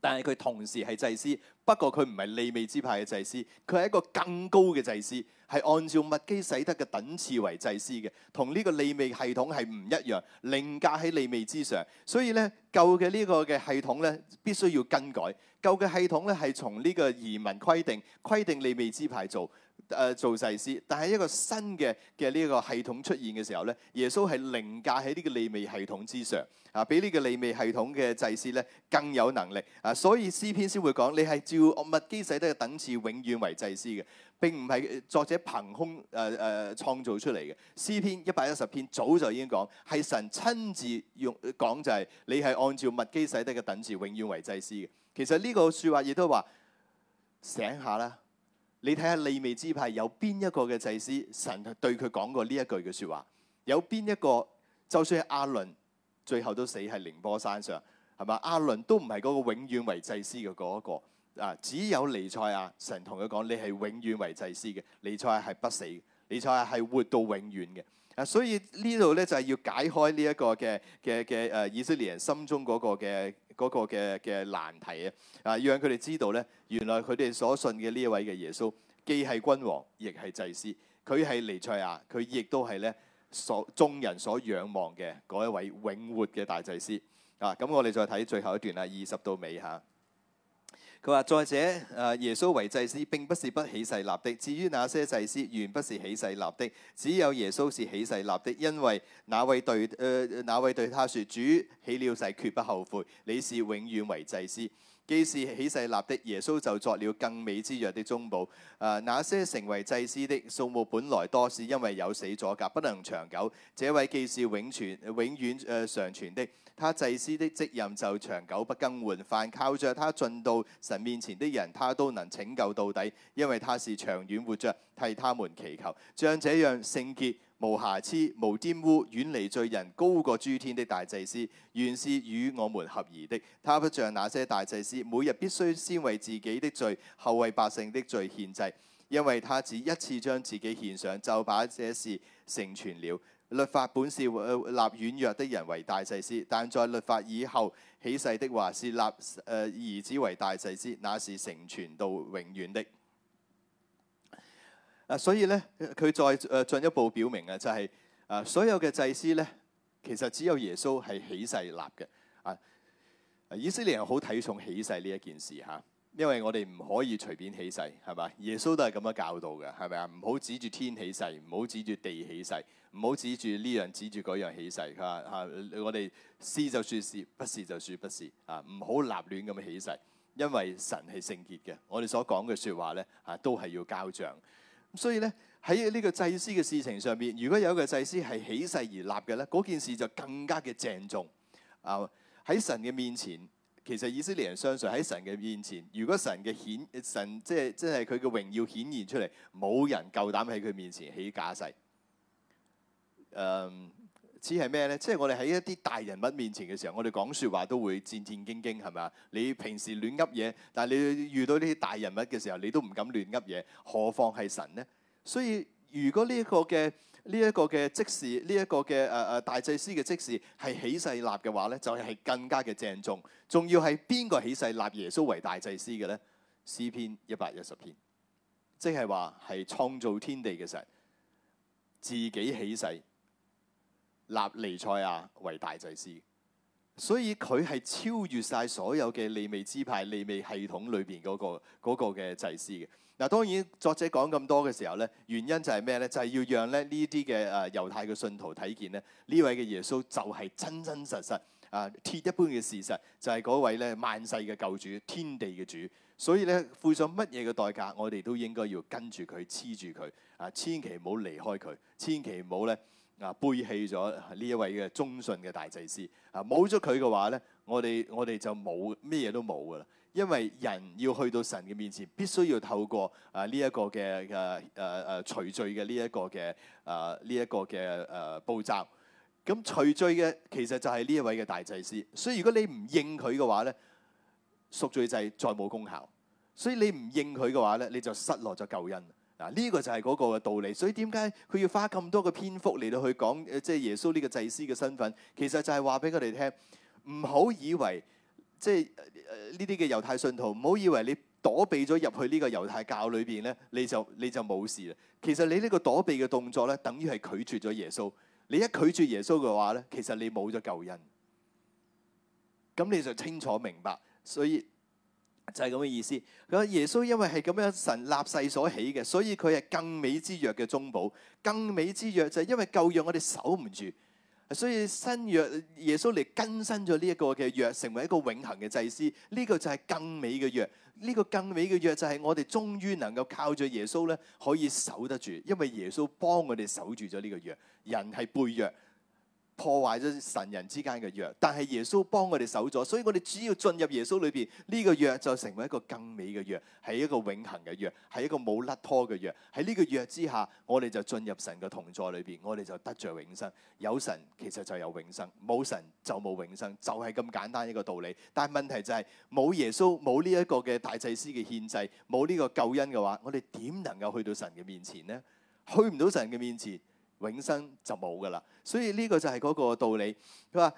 但係佢同時係祭司，不過佢唔係利未支派嘅祭司，佢係一個更高嘅祭司，係按照麥基洗德嘅等次為祭司嘅，同呢個利未系統係唔一樣，凌駕喺利未之上。所以咧，舊嘅呢個嘅系統咧必須要更改。舊嘅系統咧係從呢個移民規定規定利未支派做。誒做祭司，但係一個新嘅嘅呢個系統出現嘅時候咧，耶穌係凌駕喺呢個利未系統之上，啊，比呢個利未系統嘅祭司咧更有能力啊，所以詩篇先會講你係照麥基洗德嘅等次，永遠為祭司嘅，並唔係作者憑空誒誒創造出嚟嘅。詩篇一百一十篇早就已經講，係神親自用講、呃、就係你係按照麥基洗德嘅等次，永遠為祭司嘅。其實呢個説話亦都話醒下啦。你睇下利未支派有邊一個嘅祭司，神對佢講過呢一句嘅説話？有邊一個？就算係阿倫，最後都死喺寧波山上，係嘛？阿倫都唔係嗰個永遠為祭司嘅嗰一個啊！只有尼賽亞，神同佢講：你係永遠為祭司嘅，尼賽亞係不死嘅。尼賽亞係活到永遠嘅。啊，所以呢度咧就係要解開呢一個嘅嘅嘅誒以色列人心中嗰個嘅。嗰個嘅嘅難題啊！啊，要讓佢哋知道咧，原來佢哋所信嘅呢一位嘅耶穌，既係君王，亦係祭司。佢係彌賽亞，佢亦都係咧所眾人所仰望嘅嗰一位永活嘅大祭司。啊，咁我哋再睇最後一段啦，二十到尾嚇。佢話：再者，誒耶穌為祭司並不是不起誓立的。至於那些祭司，原不是起誓立的，只有耶穌是起誓立的，因為那位對誒、呃、那位對他説：主起了誓，決不後悔。你是永遠為祭司，既是起誓立的，耶穌就作了更美之約的中保。誒、呃、那些成為祭司的數目本來多，是因為有死阻隔，不能長久。這位既是永存、永遠誒、呃、常存的。他祭司的職任就長久不更換，凡靠著他進到神面前的人，他都能拯救到底，因為他是長遠活着替他們祈求。像這樣聖潔、無瑕疵、無玷污、遠離罪人、高過諸天的大祭司，原是與我們合宜的。他不像那些大祭司，每日必須先為自己的罪，後為百姓的罪獻祭，因為他只一次將自己獻上，就把這事成全了。律法本是立軟弱的人為大祭司，但在律法以後起誓的話是立誒兒子為大祭司，那是成全到永遠的。啊、所以咧佢再誒進、呃、一步表明、就是、啊，就係所有嘅祭司咧，其實只有耶穌係起誓立嘅。啊，以色列人好睇重起誓呢一件事吓、啊，因為我哋唔可以隨便起誓係咪？耶穌都係咁樣教導嘅，係咪啊？唔好指住天起誓，唔好指住地起誓。唔好指住呢樣指住嗰樣起誓，嚇、啊、嚇、啊！我哋是就説是，不是就説不是，啊！唔好立亂咁起誓，因為神係聖潔嘅。我哋所講嘅説話咧，啊，都係要交帳。咁所以咧，喺呢個祭司嘅事情上邊，如果有一個祭司係起誓而立嘅咧，嗰件事就更加嘅鄭重。啊，喺神嘅面前，其實以色列人相信喺神嘅面前，如果神嘅顯神即係即係佢嘅榮耀顯現出嚟，冇人夠膽喺佢面前起假誓。誒，此係咩咧？即係我哋喺一啲大人物面前嘅時候，我哋講説話都會戰戰兢兢，係咪啊？你平時亂噏嘢，但係你遇到呢啲大人物嘅時候，你都唔敢亂噏嘢，何況係神呢？所以如果呢一個嘅呢一個嘅即時呢一個嘅誒誒大祭司嘅即時係起誓立嘅話咧，就係更加嘅敬重。仲要係邊個起誓立耶穌為大祭司嘅咧？詩篇一百一十篇，即係話係創造天地嘅時候，自己起誓。立尼賽亞為大祭司，所以佢係超越晒所有嘅利未支派、利未系統裏邊嗰個嘅祭司嘅。嗱，當然作者講咁多嘅時候咧，原因就係咩咧？就係要讓咧呢啲嘅誒猶太嘅信徒睇見咧，呢位嘅耶穌就係真真實實啊鐵一般嘅事實，就係嗰位咧萬世嘅救主、天地嘅主。所以咧，付上乜嘢嘅代價，我哋都應該要跟住佢、黐住佢啊，千祈唔好離開佢，千祈唔好咧。啊，背棄咗呢一位嘅忠信嘅大祭司啊，冇咗佢嘅話咧，我哋我哋就冇咩嘢都冇㗎喇。因為人要去到神嘅面前，必須要透過啊呢一個嘅嘅誒誒除罪嘅呢一個嘅啊呢一個嘅誒步驟。咁除罪嘅其實就係呢一位嘅大祭司，所以如果你唔應佢嘅話咧，贖罪祭再冇功效。所以你唔應佢嘅話咧，你就失落咗救恩。嗱，呢個就係嗰個嘅道理，所以點解佢要花咁多嘅篇幅嚟到去講，即係耶穌呢個祭司嘅身份，其實就係話俾佢哋聽，唔好以為即係呃，呢啲嘅猶太信徒，唔好以為你躲避咗入去呢個猶太教裏邊咧，你就你就冇事啦。其實你呢個躲避嘅動作咧，等於係拒絕咗耶穌。你一拒絕耶穌嘅話咧，其實你冇咗救恩。咁你就清楚明白，所以。就係咁嘅意思。佢話耶穌因為係咁樣神立世所起嘅，所以佢係更美之約嘅中保。更美之約就係因為舊約我哋守唔住，所以新約耶穌嚟更新咗呢一個嘅約，成為一個永恆嘅祭司。呢個就係更美嘅約。呢個更美嘅約就係我哋終於能夠靠住耶穌咧，可以守得住，因為耶穌幫我哋守住咗呢個約。人係背約。破壞咗神人之間嘅約，但係耶穌幫我哋守咗，所以我哋只要進入耶穌裏邊，呢個約就成為一個更美嘅約，係一個永恆嘅約，係一個冇甩拖嘅約。喺呢個約之下，我哋就進入神嘅同在裏邊，我哋就得着永生。有神其實就有永生，冇神就冇永生，就係咁簡單一個道理。但係問題就係冇耶穌冇呢一個嘅大祭司嘅獻祭，冇呢個救恩嘅話，我哋點能夠去到神嘅面前呢？去唔到神嘅面前。永生就冇噶啦，所以呢個就係嗰個道理。佢話：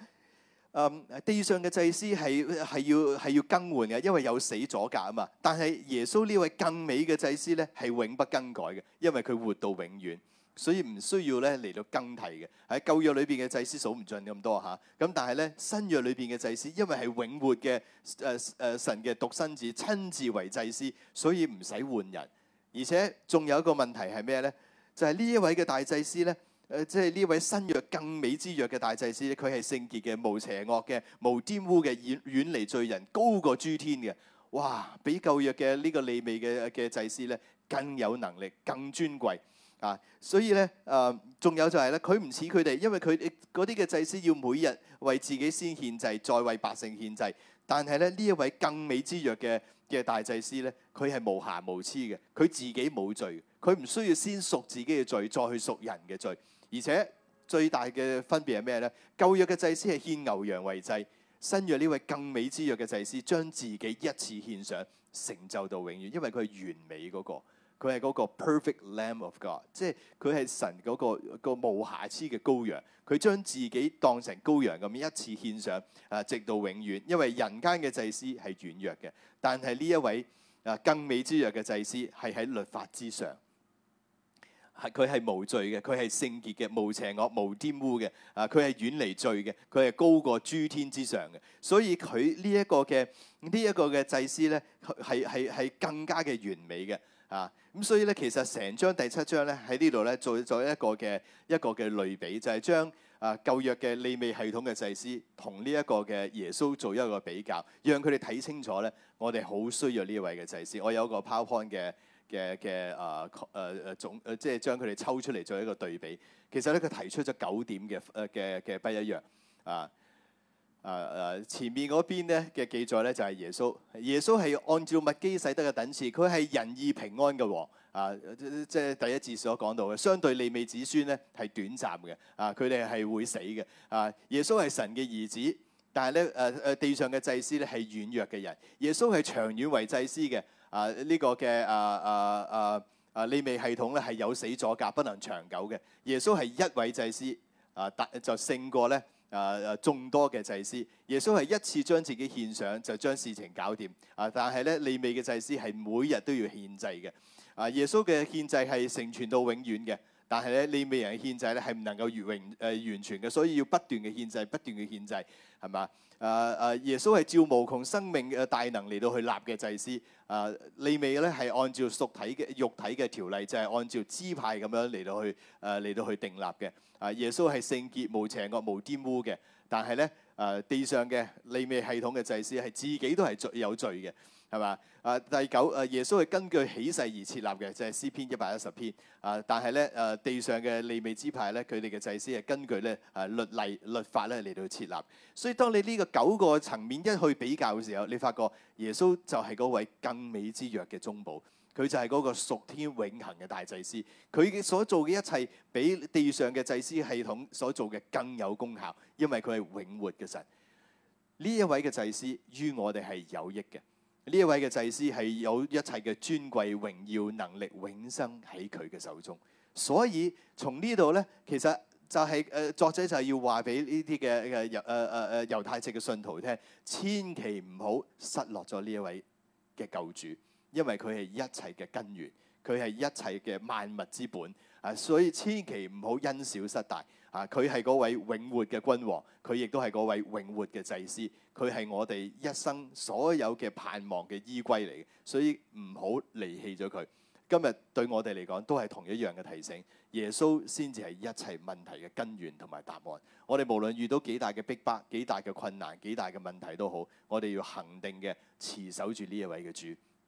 誒，地上嘅祭司係係要係要更換嘅，因為有死阻隔啊嘛。但係耶穌呢位更美嘅祭司咧，係永不更改嘅，因為佢活到永遠，所以唔需要咧嚟到更替嘅。喺舊約裏邊嘅祭司數唔盡咁多吓，咁但係咧，新約裏邊嘅祭司，因為係永活嘅誒誒神嘅獨生子親自為祭司，所以唔使換人。而且仲有一個問題係咩咧？就係呢一位嘅大祭司咧，誒、呃，即係呢位新約更美之約嘅大祭司，佢係聖潔嘅、無邪惡嘅、無玷污嘅，遠遠離罪人，高過諸天嘅。哇，比舊約嘅呢個利未嘅嘅祭司咧，更有能力、更尊貴啊！所以咧，誒、呃，仲有就係、是、咧，佢唔似佢哋，因為佢哋嗰啲嘅祭司要每日為自己先獻祭，再為百姓獻祭。但係咧，呢一位更美之約嘅嘅大祭司咧，佢係無瑕無疵嘅，佢自己冇罪。佢唔需要先贖自己嘅罪，再去贖人嘅罪。而且最大嘅分別係咩呢？舊約嘅祭司係獻牛羊為祭，新約呢位更美之約嘅祭司將自己一次獻上，成就到永遠。因為佢係完美嗰個，佢係嗰個 perfect lamb of God，即係佢係神嗰個嗰個無瑕疵嘅羔羊。佢將自己當成羔羊咁一次獻上，啊，直到永遠。因為人間嘅祭司係軟弱嘅，但係呢一位啊，更美之約嘅祭司係喺律法之上。係佢係無罪嘅，佢係聖潔嘅，無邪惡、無玷污嘅。啊，佢係遠離罪嘅，佢係高過諸天之上嘅。所以佢呢一個嘅呢一個嘅祭司咧，係係係更加嘅完美嘅。啊，咁所以咧，其實成章第七章咧喺呢度咧，做咗一個嘅一個嘅類比，就係將啊舊約嘅利未系統嘅祭司同呢一個嘅耶穌做一個比較，讓佢哋睇清楚咧，我哋好需要呢一位嘅祭司。我有一個 PowerPoint 嘅。嘅嘅啊誒誒總誒即係將佢哋抽出嚟做一個對比，其實咧佢提出咗九點嘅誒嘅嘅不一樣啊啊啊前面嗰邊咧嘅記載咧就係、是、耶穌，耶穌係按照麥基洗德嘅等次，佢係仁義平安嘅王啊，即係第一節所講到嘅，相對利未子孫咧係短暫嘅啊，佢哋係會死嘅啊，耶穌係神嘅兒子，但係咧誒誒地上嘅祭司咧係軟弱嘅人，耶穌係長遠為祭司嘅。啊！呢、這個嘅啊啊啊啊利未系統咧係有死阻隔，不能長久嘅。耶穌係一位祭司，啊，特就勝過咧啊啊眾多嘅祭司。耶穌係一次將自己獻上，就將事情搞掂。啊！但係咧，利未嘅祭司係每日都要獻祭嘅。啊！耶穌嘅獻祭係成全到永遠嘅。但係咧，利未人嘅獻祭咧係唔能夠完誒完全嘅，所以要不斷嘅獻祭，不斷嘅獻祭，係嘛？誒誒，耶穌係照無窮生命嘅大能嚟到去立嘅祭司，誒，利未咧係按照屬體嘅肉體嘅條例，就係按照支派咁樣嚟到去誒嚟到去定立嘅。誒，耶穌係聖潔、無邪惡、無玷污嘅，但係咧。誒，地上嘅利未系統嘅祭司係自己都係罪，有罪嘅，係嘛？誒，第九，誒耶穌係根據起誓而設立嘅，就係詩篇一百一十篇。誒，但係咧，誒地上嘅利未支派咧，佢哋嘅祭司係根據咧誒律例律法咧嚟到設立。所以當你呢個九個層面一去比較嘅時候，你發覺耶穌就係嗰位更美之約嘅中保。佢就係嗰個屬天永恆嘅大祭司，佢嘅所做嘅一切，比地上嘅祭司系統所做嘅更有功效，因為佢係永活嘅神。呢一位嘅祭司於我哋係有益嘅，呢一位嘅祭司係有一切嘅尊貴、榮耀、能力、永生喺佢嘅手中。所以從呢度呢，其實就係、是、誒、呃、作者就係要話俾呢啲嘅嘅猶誒誒誒猶太籍嘅信徒聽，千祈唔好失落咗呢一位嘅救主。因為佢係一切嘅根源，佢係一切嘅萬物之本啊！所以千祈唔好因小失大啊！佢係嗰位永活嘅君王，佢亦都係嗰位永活嘅祭司，佢係我哋一生所有嘅盼望嘅依歸嚟嘅，所以唔好離棄咗佢。今日對我哋嚟講都係同一樣嘅提醒，耶穌先至係一切問題嘅根源同埋答案。我哋無論遇到幾大嘅逼迫、幾大嘅困難、幾大嘅問題都好，我哋要恒定嘅持守住呢一位嘅主。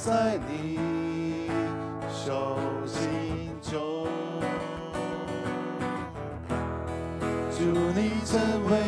在你手心中，祝你成為。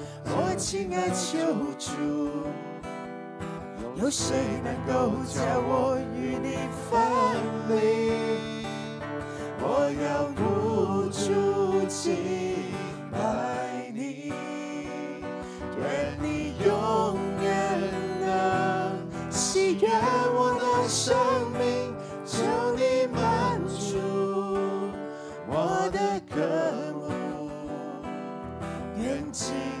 我親愛的求助，有誰能夠叫我與你分離？我要不住敬拜你，願你永遠能喜悅。我的生命，求你滿足我的渴慕，願你。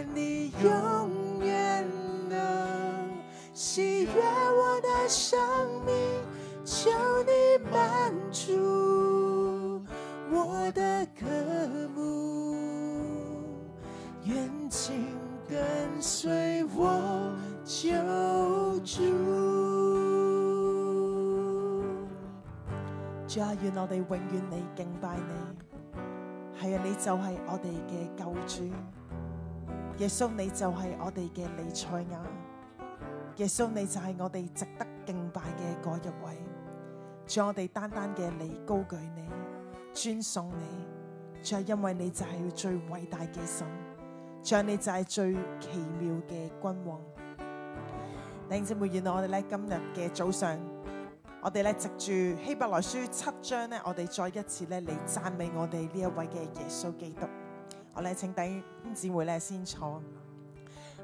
願我哋永遠嚟敬拜你，係啊，你就係我哋嘅救主，耶穌你就係我哋嘅彌賽亞，耶穌你就係我哋值得敬拜嘅嗰一位。願我哋單單嘅嚟高舉你，尊崇你。仲有因為你就係最偉大嘅神，仲有你就係最奇妙嘅君王。你知唔知？願我哋咧今日嘅早上。我哋咧藉住希伯來書七章咧，我哋再一次咧嚟讚美我哋呢一位嘅耶穌基督。我咧請等姊妹咧先坐，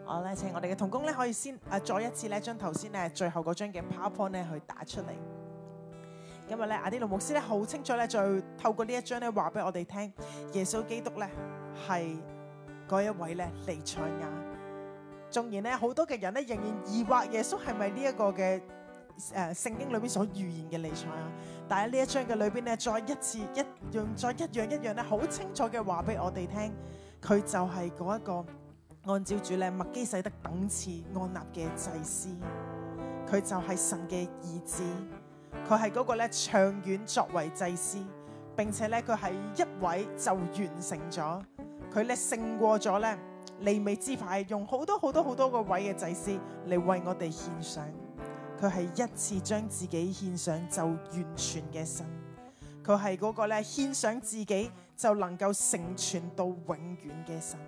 我咧請我哋嘅同工咧可以先啊，再一次咧將頭先咧最後嗰張嘅 PowerPoint 咧去打出嚟。今日咧阿啲羅牧師咧好清楚咧，就透過呢一張咧話俾我哋聽，耶穌基督咧係嗰一位咧彌賽亞。縱然咧好多嘅人咧仍然疑惑耶穌係咪呢一個嘅。誒聖、呃、經裏邊所預言嘅理財啊，但喺呢一章嘅裏邊咧，再一次一用再一樣一樣咧，好清楚嘅話俾我哋聽，佢就係嗰一個按照主咧麥基洗德等次按立嘅祭司，佢就係神嘅兒子，佢係嗰個咧長遠作為祭司，並且咧佢係一位就完成咗，佢咧勝過咗咧利未支派用好多好多好多個位嘅祭司嚟為我哋獻上。佢係一次將自己獻上就完全嘅神，佢係嗰個咧獻上自己就能夠成全到永遠嘅神，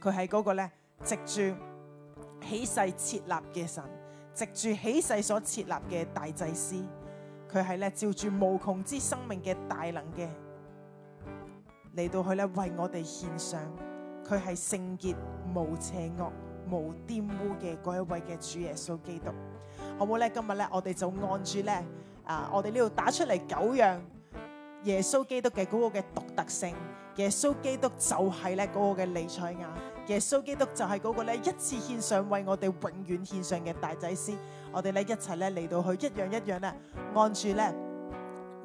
佢係嗰個咧藉住起誓設立嘅神，藉住起誓所設立嘅大祭司，佢係咧照住無窮之生命嘅大能嘅嚟到去咧為我哋獻上，佢係聖潔無邪惡無玷污嘅嗰一位嘅主耶穌基督。好唔好咧？今日咧，我哋就按住咧，啊，我哋呢度打出嚟九樣耶穌基督嘅嗰個嘅獨特性。耶穌基督就係咧嗰個嘅彌賽亞，耶穌基督就係嗰個咧一次獻上為我哋永遠獻上嘅大祭司。我哋咧一齊咧嚟到去一樣一樣咧按住咧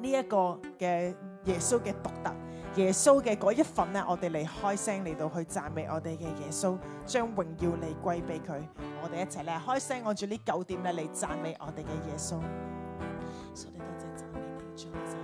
呢一個嘅耶穌嘅獨特。耶穌嗰嘅一份咧，我哋嚟開聲嚟到去讚美我哋嘅耶穌，將榮耀你歸俾佢。我哋一齊咧開聲按住呢九點咧嚟讚美我哋嘅耶穌。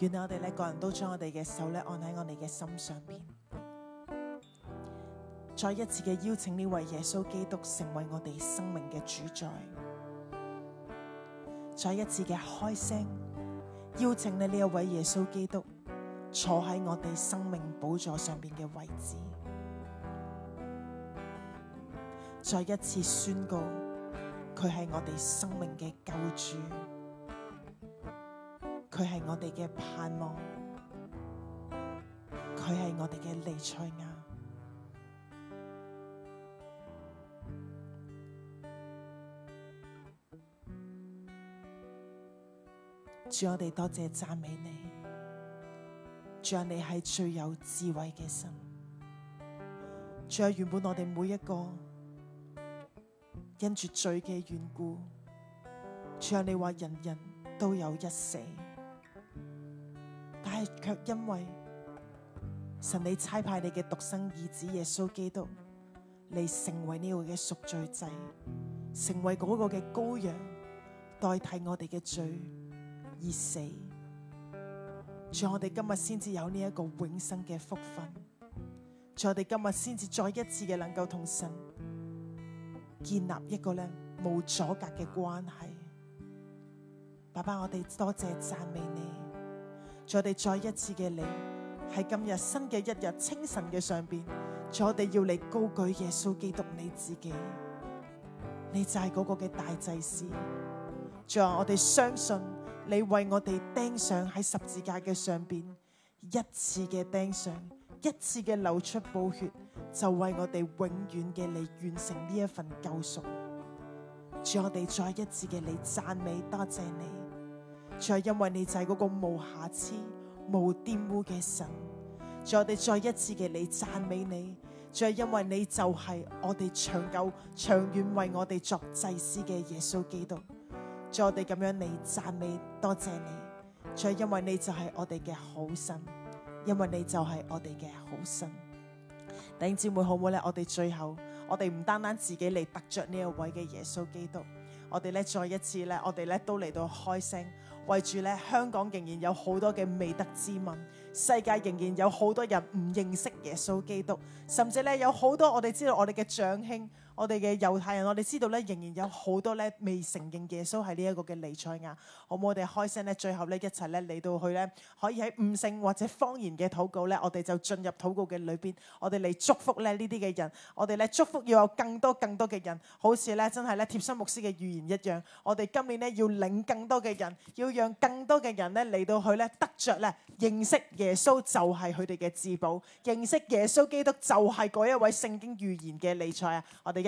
原來我哋呢個人都將我哋嘅手咧按喺我哋嘅心上邊，再一次嘅邀請呢位耶穌基督成為我哋生命嘅主宰，再一次嘅開聲邀請你呢一位耶穌基督坐喺我哋生命寶座上邊嘅位置，再一次宣告佢係我哋生命嘅救主。佢係我哋嘅盼望，佢係我哋嘅彌賽亞。主，我哋多謝讚美你。主啊，你係最有智慧嘅神。主啊，原本我哋每一個因住罪嘅緣故，主啊，你話人人都有一死。卻因為神猜你差派你嘅獨生兒子耶穌基督，你成為呢個嘅贖罪祭，成為嗰個嘅羔羊，代替我哋嘅罪而死，祝我才我哋今日先至有呢一個永生嘅福分，祝我才我哋今日先至再一次嘅能夠同神建立一個咧冇阻隔嘅關係。爸爸，我哋多謝讚美你。再我哋再一次嘅你，喺今日新嘅一日清晨嘅上邊，在我哋要你高舉耶穌基督你自己，你就係嗰個嘅大祭司。再我哋相信你為我哋釘上喺十字架嘅上邊一次嘅釘上，一次嘅流出寶血，就為我哋永遠嘅你完成呢一份救贖。在我哋再一次嘅你讚美多謝你。再係因為你就係嗰個無瑕疵、無玷污嘅神，再我哋再一次嘅你讚美你。再係因為你就係我哋長久長遠為我哋作祭司嘅耶穌基督，再我哋咁樣嚟讚美，多謝你。再係因為你就係我哋嘅好神，因為你就係我哋嘅好神。弟兄姊妹好唔好咧？我哋最後我哋唔單單自己嚟得着呢一位嘅耶穌基督，我哋咧再一次咧，我哋咧都嚟到開聲。為住咧，香港仍然有好多嘅未得之民，世界仍然有好多人唔認識耶穌基督，甚至咧有好多我哋知道我哋嘅長兄。我哋嘅猶太人，我哋知道咧，仍然有好多咧未承認耶穌係呢一個嘅彌賽亞，好冇？我哋開聲咧，最後呢，一齊咧嚟到去咧，可以喺悟性或者方言嘅禱告咧，我哋就進入禱告嘅裏邊，我哋嚟祝福咧呢啲嘅人，我哋咧祝福要有更多更多嘅人，好似咧真係咧貼心牧師嘅預言一樣，我哋今年呢要領更多嘅人，要讓更多嘅人咧嚟到去咧得着咧認識耶穌就係佢哋嘅至寶，認識耶穌基督就係嗰一位聖經預言嘅彌賽亞！我哋。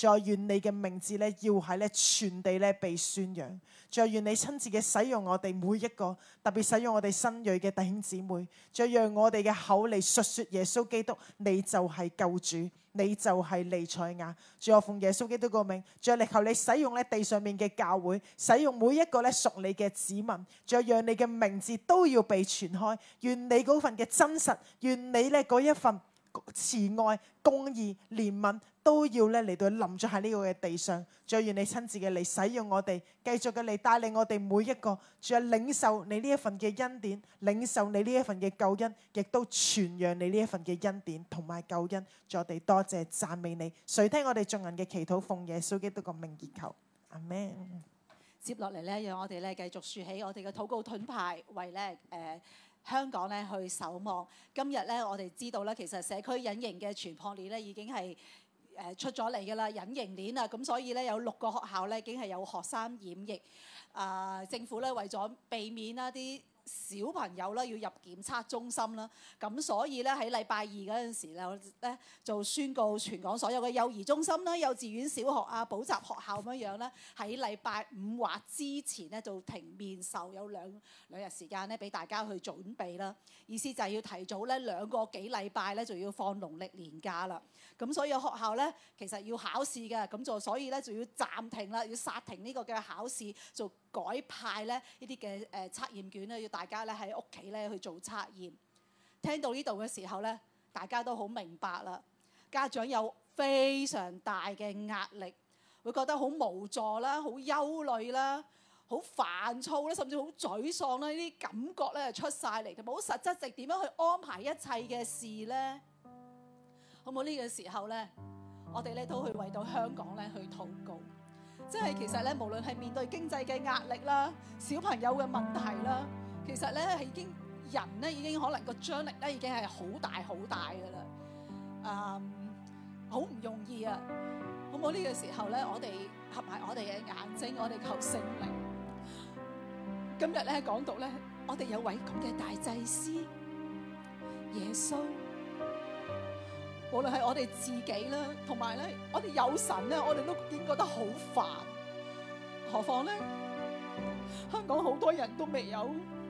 再願你嘅名字咧，要喺咧全地咧被宣揚；再願你親自嘅使用我哋每一個，特別使用我哋新蕊嘅弟兄姊妹；再讓我哋嘅口嚟述說耶穌基督，你就係救主，你就係彌賽亞；再奉耶穌基督嘅名，再力求你使用咧地上面嘅教會，使用每一個咧屬你嘅子民；再讓你嘅名字都要被傳開，願你嗰份嘅真實，願你咧嗰一份慈愛、公義、憐憫。都要咧嚟到臨咗喺呢個嘅地上，再願你親自嘅嚟使用我哋，繼續嘅嚟帶領我哋每一個，再領受你呢一份嘅恩典，領受你呢一份嘅救恩，亦都傳揚你呢一份嘅恩典同埋救恩。再哋多謝讚美你，垂聽我哋眾人嘅祈禱，奉耶穌基督嘅名而求，阿門。接落嚟咧，讓我哋咧繼續豎起我哋嘅禱告盾牌，為咧誒、呃、香港咧去守望。今日咧，我哋知道咧，其實社區隱形嘅傳播鏈咧，已經係。出咗嚟㗎啦，隱形鏈啊，咁所以呢有六個學校呢已經係有學生染疫，呃，政府呢為咗避免一啲，小朋友啦，要入檢測中心啦，咁所以咧喺禮拜二嗰陣時咧我咧就宣告全港所有嘅幼兒中心啦、幼稚園、小學啊、補習學校咁樣樣啦，喺禮拜五或之前咧就停面授，有兩兩日時間咧俾大家去做準備啦。意思就係要提早咧兩個幾禮拜咧就要放農曆年假啦。咁所有學校咧其實要考試嘅，咁就所以咧就要暫停啦，要煞停呢個嘅考試，就改派咧呢啲嘅誒測驗卷咧要大家咧喺屋企咧去做測驗，聽到呢度嘅時候咧，大家都好明白啦。家長有非常大嘅壓力，會覺得好無助啦、好憂慮啦、好煩躁啦，甚至好沮喪啦。呢啲感覺咧出曬嚟嘅冇實質性，點樣去安排一切嘅事咧？好冇呢個時候咧，我哋咧都去為到香港咧去禱告，即係其實咧，無論係面對經濟嘅壓力啦、小朋友嘅問題啦。其實咧已經人咧已經可能個張力咧已經係好大好大嘅啦，啊，好唔容易啊！好冇呢個時候咧，我哋合埋我哋嘅眼睛，我哋求聖靈。今日咧講到咧，我哋有位咁嘅大祭司耶穌，無論係我哋自己啦，同埋咧我哋有神咧，我哋都已經覺得好煩。何況咧，香港好多人都未有。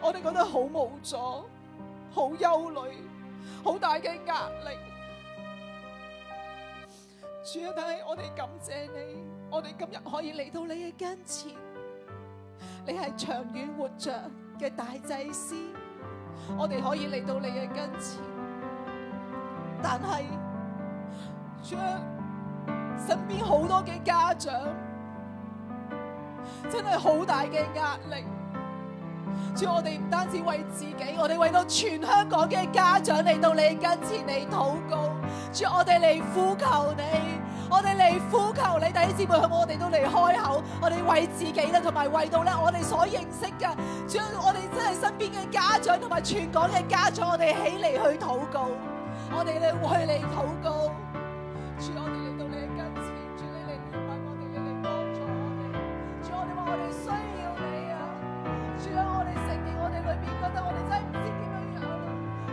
我哋覺得好無助、好憂慮、好大嘅壓力。主啊，但係我哋感謝你，我哋今日可以嚟到你嘅跟前。你係長遠活着嘅大祭司，我哋可以嚟到你嘅跟前。但係，主啊，身邊好多嘅家長真係好大嘅壓力。主，我哋唔單止為自己，我哋為到全香港嘅家長嚟到你跟前嚟禱告。主，我哋嚟呼求你，我哋嚟呼求你，弟兄姊妹，有冇我哋都嚟開口？我哋為自己啦，同埋為到咧我哋所認識嘅。主，我哋真係身邊嘅家長同埋全港嘅家長，我哋起嚟去禱告。我哋嚟為你禱告。主我，我哋。別覺得我哋真係唔知點樣樣咯。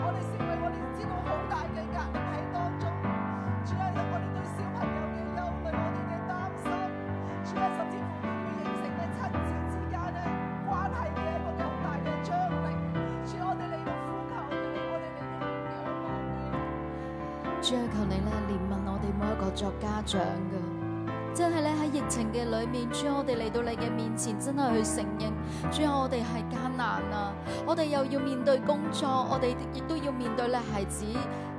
我哋成為我哋知道好大嘅壓力喺當中，主啊，因我哋對小朋友嘅憂慮，我哋嘅擔心，主啊，甚至乎會形成嘅親子之間咧關係嘅一個好大嘅張力。主啊，我哋嚟到呼求你，我哋嚟到仰望你。主啊，求你咧憐憫我哋每一個作家長噶，真係咧喺疫情嘅裏面，主啊，我哋嚟到你嘅面前，真係去承認，主啊，我哋係艱難啊！我哋又要面對工作，我哋亦都要面對咧孩子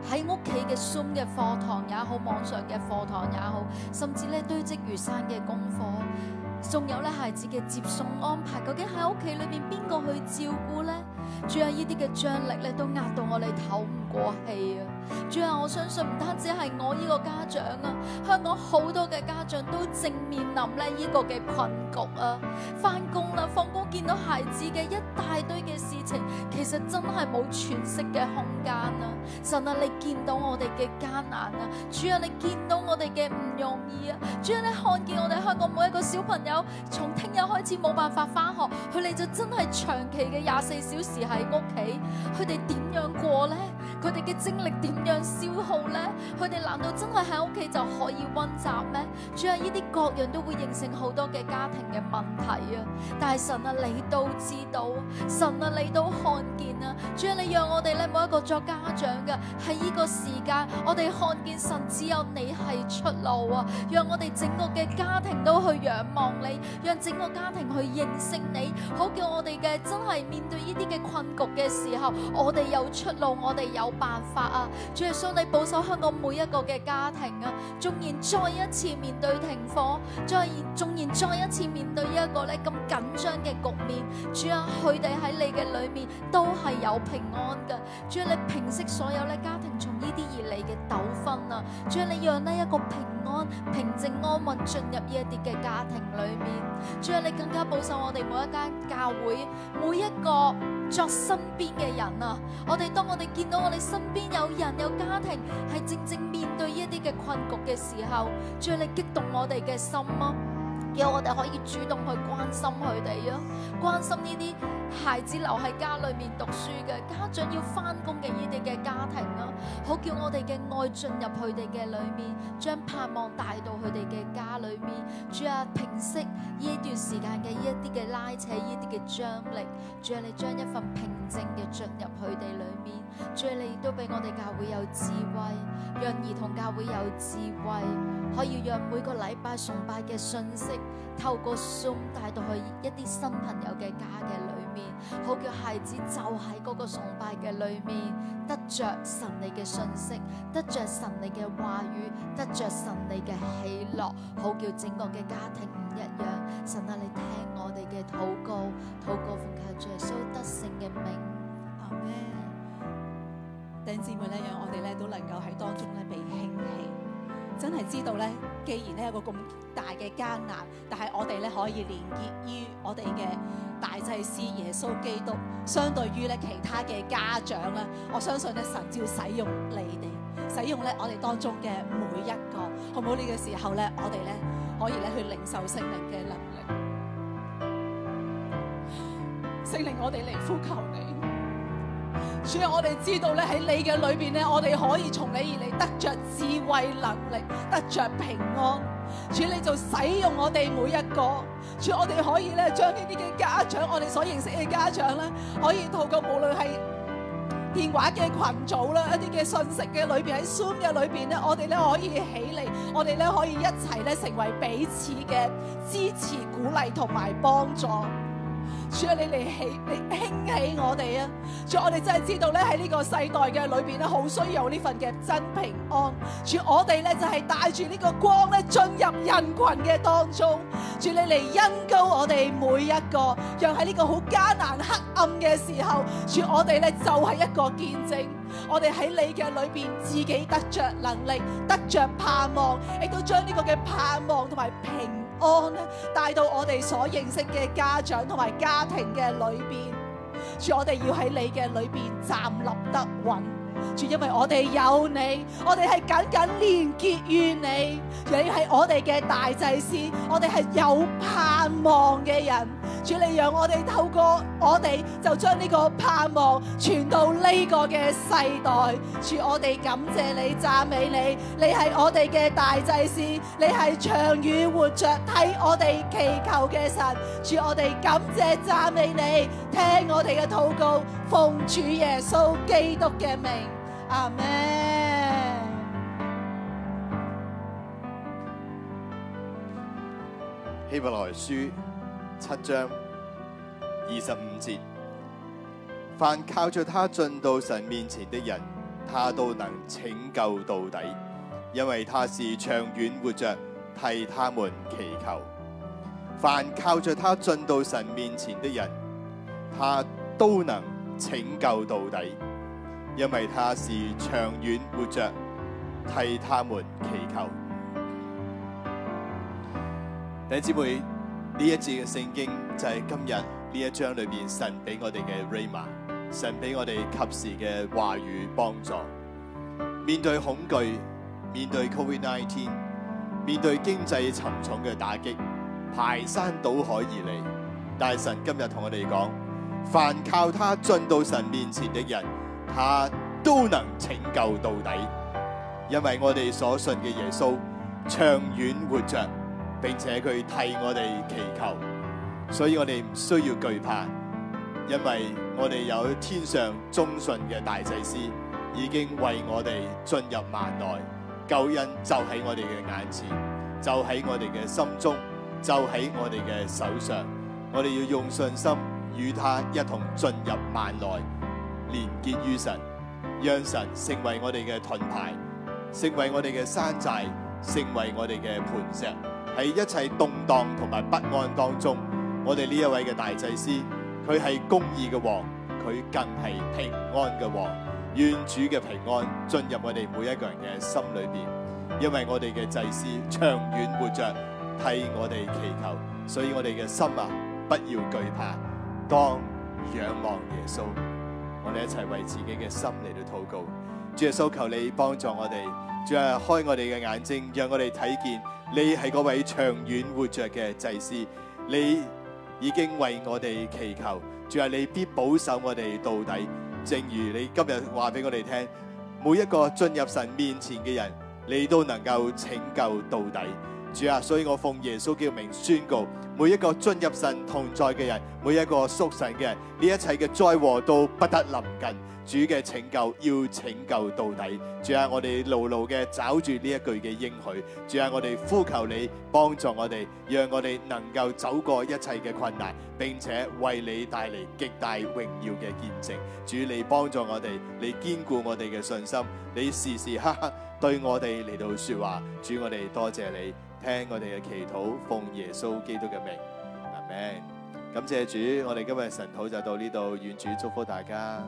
喺屋企嘅 Zoom 嘅課堂也好，網上嘅課堂也好，甚至咧堆積如山嘅功課，仲有咧孩子嘅接送安排，究竟喺屋企裏面邊個去照顧呢？仲有呢啲嘅張力咧，都壓到我哋唞唔過氣啊！主啊，最後我相信唔單止係我呢個家長啊，香港好多嘅家長都正面臨咧呢個嘅困局啊，返工啦，放工見到孩子嘅一大堆嘅事情，其實真係冇詮釋嘅空間。神啊！神啊，你見到我哋嘅艱難啊！主啊，你見到我哋嘅唔容易啊！主啊，你看見我哋香港每一個小朋友從聽日開始冇辦法翻學，佢哋就真係長期嘅廿四小時喺屋企，佢哋點樣過咧？佢哋嘅精力點樣消耗咧？佢哋難道真係喺屋企就可以溫習咩？主啊，呢啲各樣都會形成好多嘅家庭嘅問題啊！但係神啊，你都知道，神啊，你都看見啊！主啊，你讓我哋咧每一個家長嘅喺呢個時間，我哋看見神只有你係出路啊！讓我哋整個嘅家庭都去仰望你，讓整個家庭去認識你，好叫我哋嘅真係面對呢啲嘅困局嘅時候，我哋有出路，我哋有辦法啊！主耶穌，你保守香港每一個嘅家庭啊！縱然再一次面對停課，再縱然再一次面對一個呢咁緊張嘅局面，主啊，佢哋喺你嘅裏面都係有平安嘅。主要你。平息所有咧家庭從呢啲而嚟嘅糾紛啊，將你讓喺一個平安、平靜、安穩進入呢一啲嘅家庭裏面，將你更加保守我哋每一間教會、每一個作身邊嘅人啊！我哋當我哋見到我哋身邊有人有家庭係正正面對呢一啲嘅困局嘅時候，將你激動我哋嘅心啊！有我哋可以主動去關心佢哋啊，關心呢啲孩子留喺家裏面讀書嘅家長要返工嘅呢啲嘅家庭啊，好叫我哋嘅愛進入佢哋嘅裏面，將盼望帶到佢哋嘅家裏面。主啊，平息呢段時間嘅呢一啲嘅拉扯，呢啲嘅張力。主啊，你將一份平靜嘅進入佢哋裏面。主啊，你亦都俾我哋教會有智慧，讓兒童教會有智慧，可以讓每個禮拜崇拜嘅信息。透過崇拜帶到去一啲新朋友嘅家嘅裏面，好叫孩子就喺嗰個崇拜嘅裏面，得着神你嘅信息，得着神你嘅話語，得着神你嘅喜樂，好叫整個嘅家庭唔一樣。神啊，你聽我哋嘅禱告，禱告奉靠主耶穌得勝嘅名。阿門。弟兄姊妹咧，讓我哋咧都能夠喺當中咧被興起。真係知道咧，既然咧有個咁大嘅艱難，但係我哋咧可以連結於我哋嘅大祭司耶穌基督，相對於咧其他嘅家長咧，我相信咧神照使用你哋，使用咧我哋當中嘅每一個，好唔好？呢、這個時候咧，我哋咧可以咧去領受聖靈嘅能力，聖靈，我哋嚟呼求。所以我哋知道咧喺你嘅裏邊咧，我哋可以從你而嚟得着智慧能力，得着平安。主，你就使用我哋每一個。主，我哋可以咧將呢啲嘅家長，我哋所認識嘅家長咧，可以透過無論係電話嘅群組啦，一啲嘅信息嘅裏邊喺 Zoom 嘅裏邊咧，我哋咧可以起嚟，我哋咧可以一齊咧成為彼此嘅支持、鼓勵同埋幫助。主啊，你嚟起，你興起我哋啊！主，我哋真係知道咧喺呢個世代嘅裏邊咧，好需要有呢份嘅真平安。主，我哋咧就係帶住呢個光咧進入人群嘅當中。主，你嚟恩膏我哋每一個，讓喺呢個好艱難黑暗嘅時候，主，我哋咧就係一個見證。我哋喺你嘅裏邊，自己得著能力，得著盼望，亦都將呢個嘅盼望同埋平安帶到我哋所認識嘅家長同埋家庭嘅裏邊，我哋要喺你嘅裏邊站立得穩。主，因為我哋有你，我哋係緊緊連結於你，你係我哋嘅大祭司，我哋係有盼望嘅人。主，你讓我哋透過我哋就將呢個盼望傳到呢個嘅世代。主，我哋感謝你，讚美你，你係我哋嘅大祭司，你係長遠活着替我哋祈求嘅神。主，我哋感謝讚美你，聽我哋嘅禱告，奉主耶穌基督嘅名。阿們，《希伯來書》七章二十五節：凡靠着祂進到神面前的人，祂都能拯救到底，因為他是長遠活着，替他們祈求。凡靠着祂進到神面前的人，祂都能拯救到底。因為他是長遠活着，替他們祈求。弟兄姊妹，呢一節嘅聖經就係今日呢一章裏邊神俾我哋嘅 Rama，神俾我哋及時嘅話語幫助。面對恐懼，面對 COVID-19，面對經濟沉重嘅打擊，排山倒海而嚟。大神今日同我哋講，凡靠他進到神面前嘅人。他都能拯救到底，因為我哋所信嘅耶穌長遠活着，並且佢替我哋祈求，所以我哋唔需要懼怕，因為我哋有天上忠信嘅大祭司，已經為我哋進入幔內，救恩就喺我哋嘅眼前，就喺我哋嘅心中，就喺我哋嘅手上，我哋要用信心與他一同進入幔內。連結於神，讓神成為我哋嘅盾牌，成為我哋嘅山寨，成為我哋嘅磐石。喺一切動盪同埋不安當中，我哋呢一位嘅大祭司，佢係公義嘅王，佢更係平安嘅王。願主嘅平安進入我哋每一個人嘅心裏面，因為我哋嘅祭司長遠活着替我哋祈求，所以我哋嘅心啊，不要懼怕，當仰望耶穌。我哋一齊為自己嘅心嚟到禱告，主啊，求求你幫助我哋，主啊，開我哋嘅眼睛，讓我哋睇見你係嗰位長遠活着嘅祭司，你已經為我哋祈求，主啊，你必保守我哋到底，正如你今日話俾我哋聽，每一個進入神面前嘅人，你都能夠拯救到底。主啊，所以我奉耶穌叫名宣告，每一個進入神同在嘅人，每一個屬神嘅人，呢一切嘅災禍都不得臨近。主嘅拯救要拯救到底。主啊，我哋牢牢嘅抓住呢一句嘅應許。主啊，我哋呼求你幫助我哋，讓我哋能夠走過一切嘅困難，並且為你帶嚟極大榮耀嘅見證。主，你幫助我哋，你堅固我哋嘅信心，你時時刻刻對我哋嚟到說話。主，我哋多謝你。聽我哋嘅祈禱，奉耶穌基督嘅名，阿門。感謝主，我哋今日神討就到呢度，願主祝福大家。